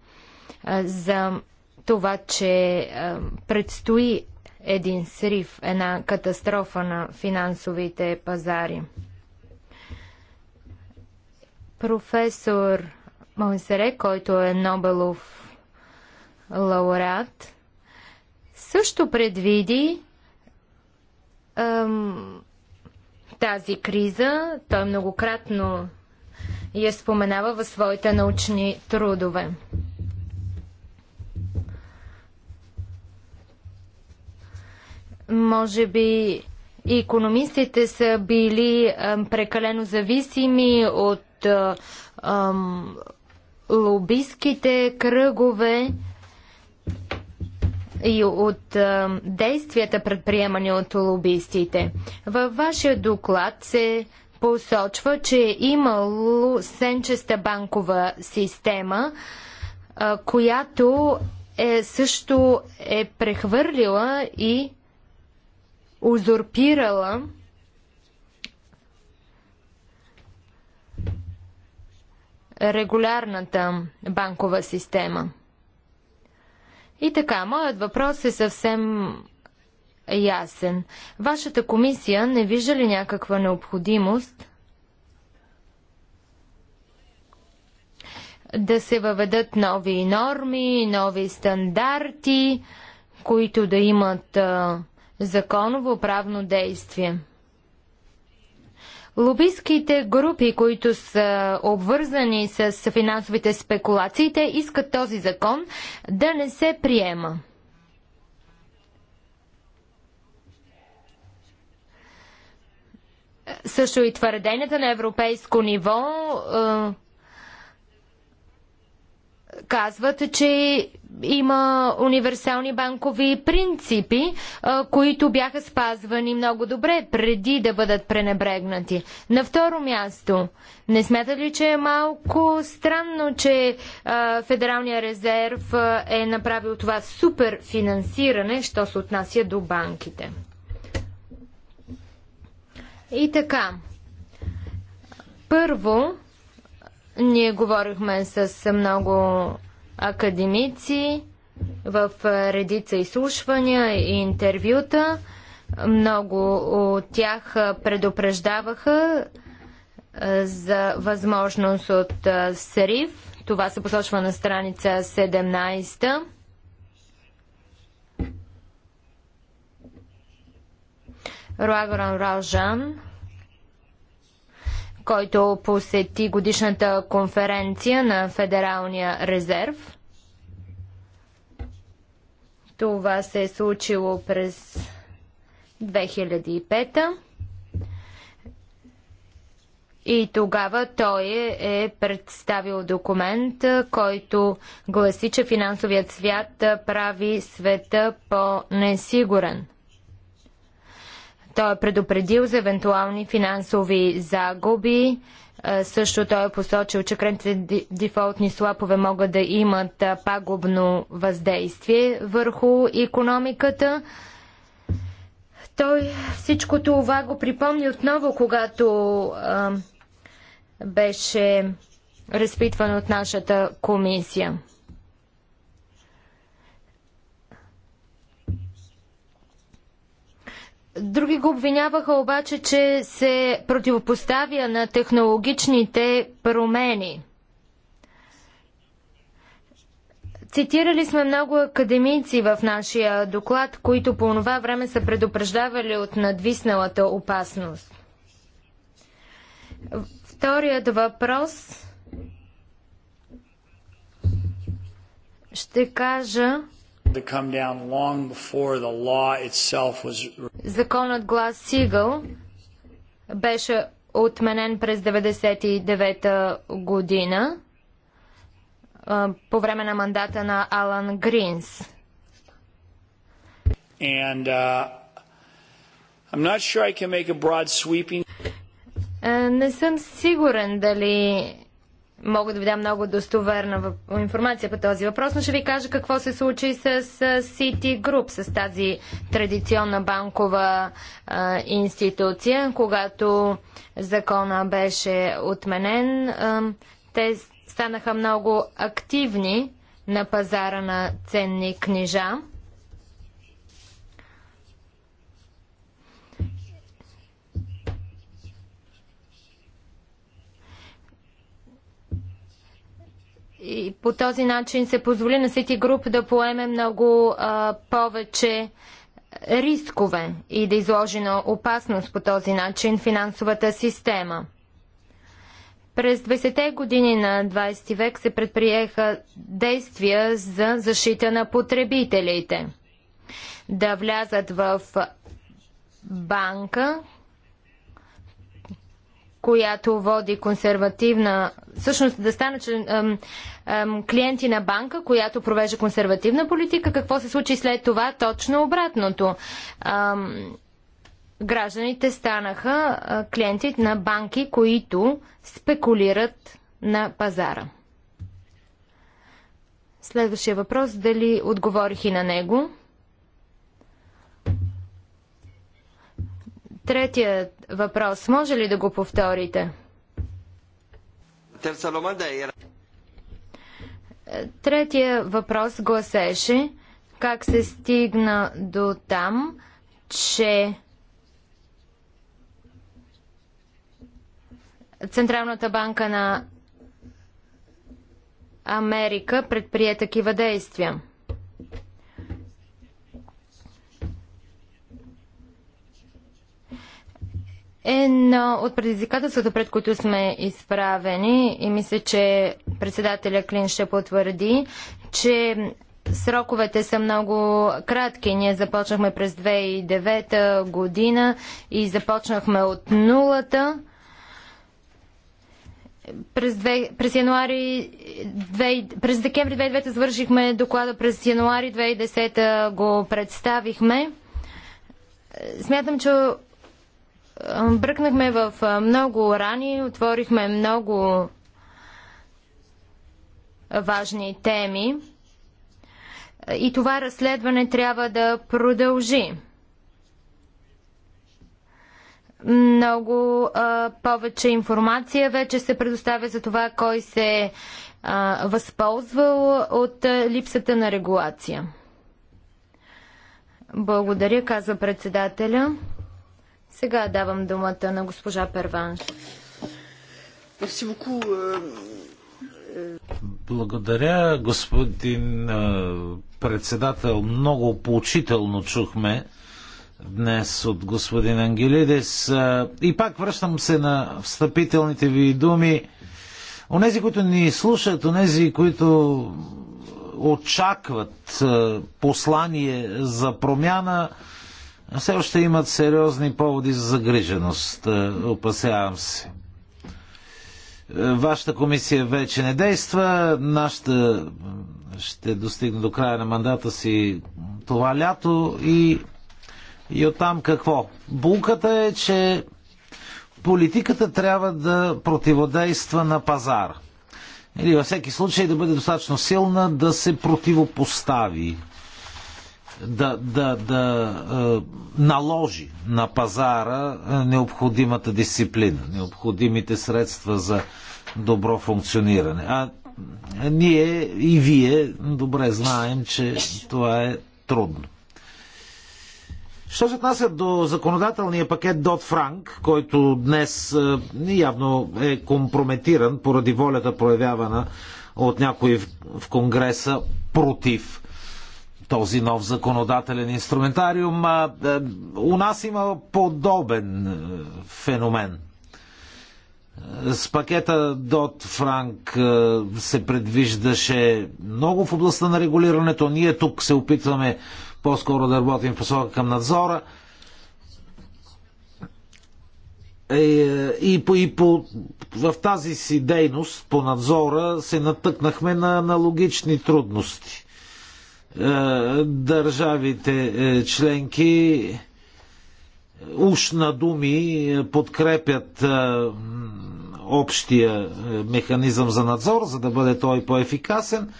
за това, че предстои един срив, една катастрофа на финансовите пазари. Професор Монсере, който е Нобелов лауреат, също предвиди ам, тази криза. Той многократно я споменава в своите научни трудове. Може би и економистите са били ам, прекалено зависими от ам, лобистските кръгове, и от а, действията предприемани от лобистите. Във вашия доклад се посочва, че е имало сенчеста банкова система, а, която е, също е прехвърлила и узурпирала регулярната банкова система. И така, моят въпрос е съвсем ясен. Вашата комисия не вижда ли някаква необходимост да се въведат нови норми, нови стандарти, които да имат а, законово правно действие? Лобистските групи, които са обвързани с финансовите спекулации, те искат този закон да не се приема. Също и твърденията на европейско ниво е, казват, че има универсални банкови принципи, които бяха спазвани много добре преди да бъдат пренебрегнати. На второ място, не смята ли, че е малко странно, че Федералния резерв е направил това супер финансиране, що се отнася до банките? И така, първо, ние говорихме с много академици в редица изслушвания и интервюта. Много от тях предупреждаваха за възможност от срив. Това се посочва на страница 17. Руагоран Раужан който посети годишната конференция на Федералния резерв. Това се е случило през 2005 и тогава той е, е представил документ, който гласи, че финансовият свят прави света по-несигурен. Той е предупредил за евентуални финансови загуби. Е, също той е посочил, че крайните дефолтни слапове могат да имат е, пагубно въздействие върху економиката. Той всичко това го припомни отново, когато а, е, беше разпитван от нашата комисия. Други го обвиняваха обаче, че се противопоставя на технологичните промени. Цитирали сме много академици в нашия доклад, които по това време са предупреждавали от надвисналата опасност. Вторият въпрос ще кажа, Законът глас Сигъл беше отменен през 99-та година по време на мандата на Алан Гринс. And, uh, I'm not sure I can make a broad sweeping... Е, не съм сигурен дали мога да ви дам много достоверна информация по този въпрос, но ще ви кажа какво се случи с Group, с тази традиционна банкова а, институция. Когато закона беше отменен, а, те станаха много активни на пазара на ценни книжа. по този начин се позволи на Сити Груп да поеме много а, повече рискове и да изложи на опасност по този начин финансовата система. През 20-те години на 20 век се предприеха действия за защита на потребителите. Да влязат в банка, която води консервативна, всъщност да станат ем, клиенти на банка, която провежда консервативна политика, какво се случи след това? Точно обратното. Ем, гражданите станаха клиенти на банки, които спекулират на пазара. Следващия въпрос, дали отговорих и на него? Третият въпрос. Може ли да го повторите? Третия въпрос гласеше как се стигна до там, че Централната банка на Америка предприе такива действия. едно от предизвикателствата, пред които сме изправени и мисля, че председателя Клин ще потвърди, че Сроковете са много кратки. Ние започнахме през 2009 година и започнахме от нулата. През, две, през, януари, две, през декември 2009 завършихме доклада, през януари 2010 го представихме. Смятам, че бръкнахме в много рани, отворихме много важни теми и това разследване трябва да продължи. Много а, повече информация вече се предоставя за това кой се е възползвал от а, липсата на регулация. Благодаря, казва председателя. Сега давам думата на госпожа Перванш. Euh, euh. Благодаря, господин председател. Много поучително чухме днес от господин Ангелидес. И пак връщам се на встъпителните ви думи. Онези, които ни слушат, онези, които очакват послание за промяна, все още имат сериозни поводи за загриженост. Е, опасявам се. Е, вашата комисия вече не действа, нашата ще достигне до края на мандата си това лято и, и оттам какво? Булката е, че политиката трябва да противодейства на пазара. Или във всеки случай да бъде достатъчно силна да се противопостави да, да, да е, наложи на пазара е, необходимата дисциплина, необходимите средства за добро функциониране. А е, ние и вие добре знаем, че това е трудно. Що се отнася до законодателния пакет Дот Франк, който днес е, явно е компрометиран поради волята проявявана от някои в Конгреса против този нов законодателен инструментариум. Е, у нас има подобен е, феномен. Е, с пакета Дот Франк се предвиждаше много в областта на регулирането. Ние тук се опитваме по-скоро да работим посока към надзора. И, по, и по, в тази си дейност по надзора се натъкнахме на аналогични трудности. Е, държавите е, членки уж на думи подкрепят е, общия механизъм за надзор, за да бъде той по-ефикасен,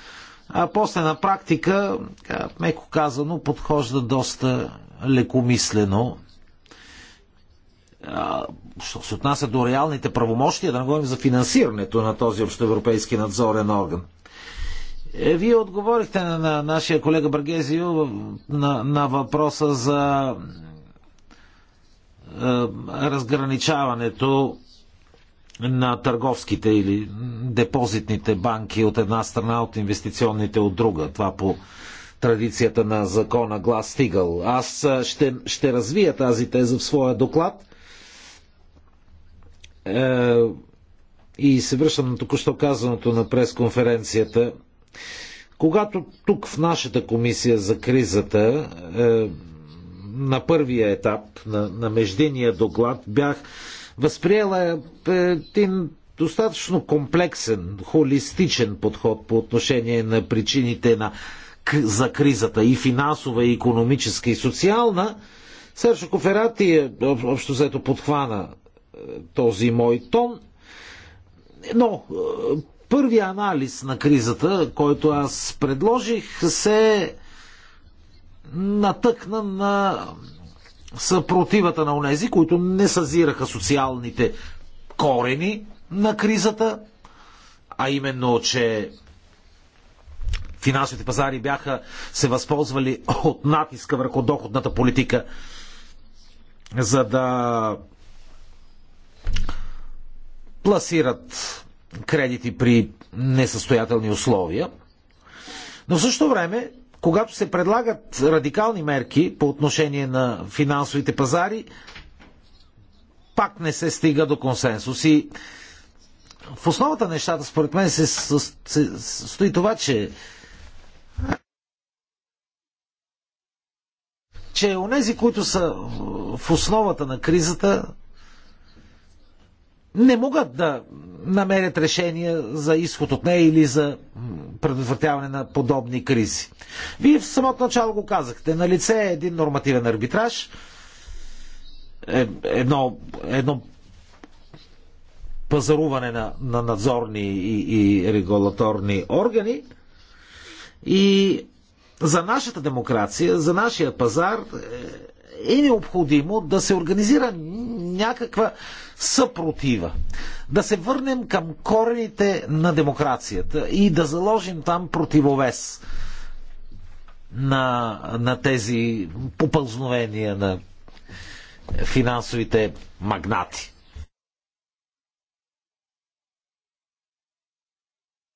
а после на практика, меко казано, подхожда доста лекомислено. Що се отнася до реалните правомощия, да не говорим за финансирането на този общоевропейски надзорен орган. Е, вие отговорихте на, на нашия колега Баргезио на, на въпроса за е, разграничаването на търговските или депозитните банки от една страна, от инвестиционните от друга. Това по традицията на закона Глас Стигъл. Аз е, ще, ще развия тази теза в своя доклад. Е, и се връщам на току-що казаното на пресконференцията. Когато тук в нашата комисия за кризата е, на първия етап на, на междения доклад бях възприела един достатъчно комплексен, холистичен подход по отношение на причините на, за кризата и финансова, и економическа, и социална, Сержо Коферати е общо взето подхвана е, този мой тон, но е, Първия анализ на кризата, който аз предложих, се натъкна на съпротивата на онези, които не съзираха социалните корени на кризата, а именно, че финансовите пазари бяха се възползвали от натиска върху доходната политика, за да пласират кредити при несъстоятелни условия. Но в същото време, когато се предлагат радикални мерки по отношение на финансовите пазари, пак не се стига до консенсус. И в основата на нещата, според мен, се, стои това, че че онези, които са в основата на кризата, не могат да намерят решение за изход от нея или за предотвратяване на подобни кризи. Вие в самото начало го казахте. На лице е един нормативен арбитраж, е, едно, едно пазаруване на, на надзорни и, и регулаторни органи и за нашата демокрация, за нашия пазар е, е необходимо да се организира някаква съпротива. Да се върнем към корените на демокрацията и да заложим там противовес на, на тези попълзновения на финансовите магнати.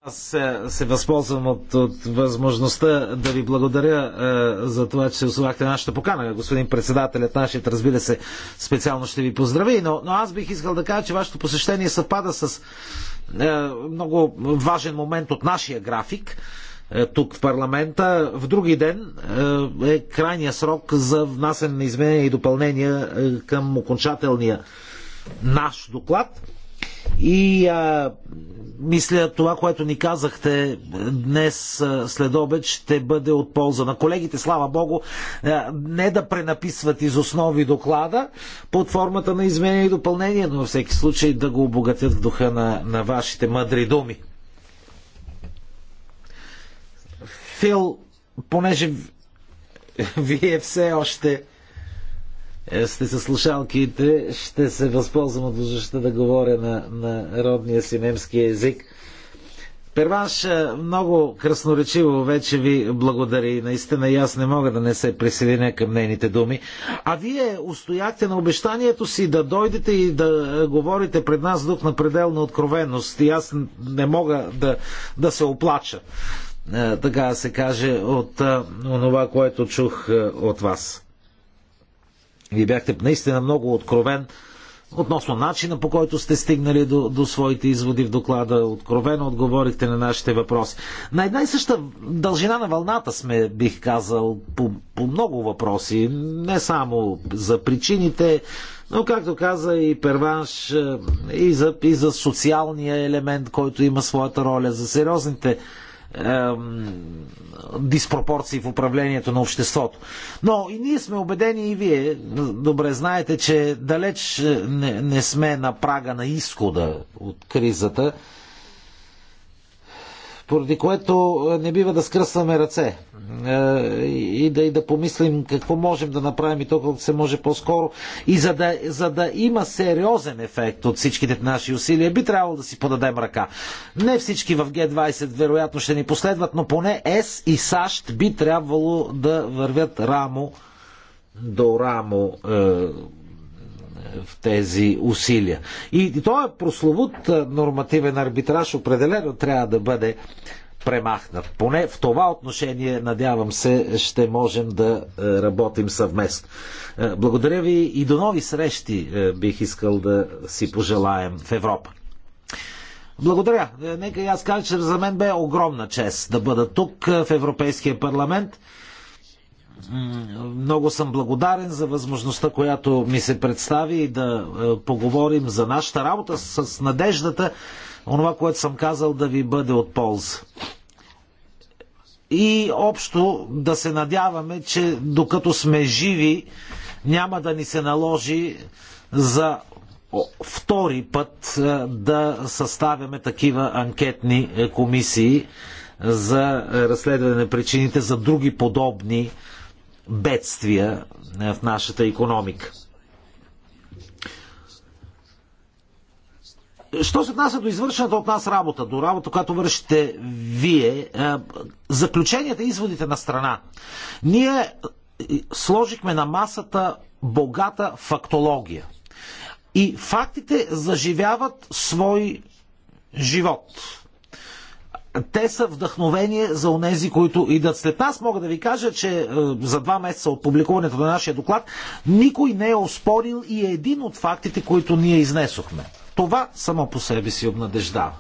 Аз се възползвам от, от възможността да ви благодаря е, за това, че се озовахте на нашата покана. Господин председателят нашият, разбира се, специално ще ви поздрави, но, но аз бих искал да кажа, че вашето посещение съвпада с е, много важен момент от нашия график е, тук в парламента. В други ден е, е крайния срок за внасяне на изменения и допълнения е, към окончателния наш доклад. И а, мисля, това, което ни казахте днес след обед, ще бъде от полза на колегите. Слава Богу, не да пренаписват из основи доклада под формата на изменение и допълнение, но във всеки случай да го обогатят в духа на, на вашите мъдри думи. Фил, понеже вие все още сте със слушалките, ще се възползвам от възможността да говоря на, на родния си немски език. Перванш, е, много красноречиво вече ви благодари. Наистина и аз не мога да не се присъединя към нейните думи. А вие устояхте на обещанието си да дойдете и да е, говорите пред нас дух на пределна откровенност. И аз не мога да, да се оплача, е, така да се каже, от онова, което чух от вас. Вие бяхте наистина много откровен относно начина по който сте стигнали до, до своите изводи в доклада. Откровено отговорихте на нашите въпроси. На една и съща дължина на вълната сме, бих казал, по, по много въпроси. Не само за причините, но както каза и Перванш, е, и за, и за социалния елемент, който има своята роля, за сериозните диспропорции в управлението на обществото. Но и ние сме убедени и вие добре знаете, че далеч е, не, не сме на прага на изхода от кризата поради което не бива да скръсваме ръце и да, и да помислим какво можем да направим и то колкото се може по-скоро. И за да, за да има сериозен ефект от всичките наши усилия, би трябвало да си подадем ръка. Не всички в Г20 вероятно ще ни последват, но поне ЕС и САЩ би трябвало да вървят рамо до рамо. Е в тези усилия. И този е прословут нормативен арбитраж определено трябва да бъде премахнат. Поне в това отношение, надявам се, ще можем да е, работим съвместно. Е, благодаря ви и до нови срещи бих искал да си пожелаем в Европа. Благодаря. Нека и аз кажа, че за мен бе огромна чест да бъда тук в Европейския парламент. Много съм благодарен за възможността, която ми се представи и да е, поговорим за нашата работа с надеждата, онова, което съм казал, да ви бъде от полза. И общо да се надяваме, че докато сме живи, няма да ни се наложи за втори път е, да съставяме такива анкетни е, комисии за разследване на причините за други подобни бедствия е, в нашата економика. Що се отнася до извършената от нас работа, до работа, която вършите вие, е, заключенията и изводите на страна, ние е, сложихме на масата богата фактология. И фактите заживяват свой живот те са вдъхновение за онези, които идат след нас. Мога да ви кажа, че е, за два месеца от публикуването на нашия доклад никой не е оспорил и е един от фактите, които ние изнесохме. Това само по себе си обнадеждава.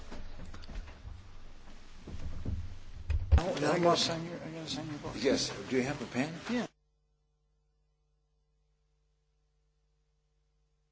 Yes. Do you have a pen? Yeah.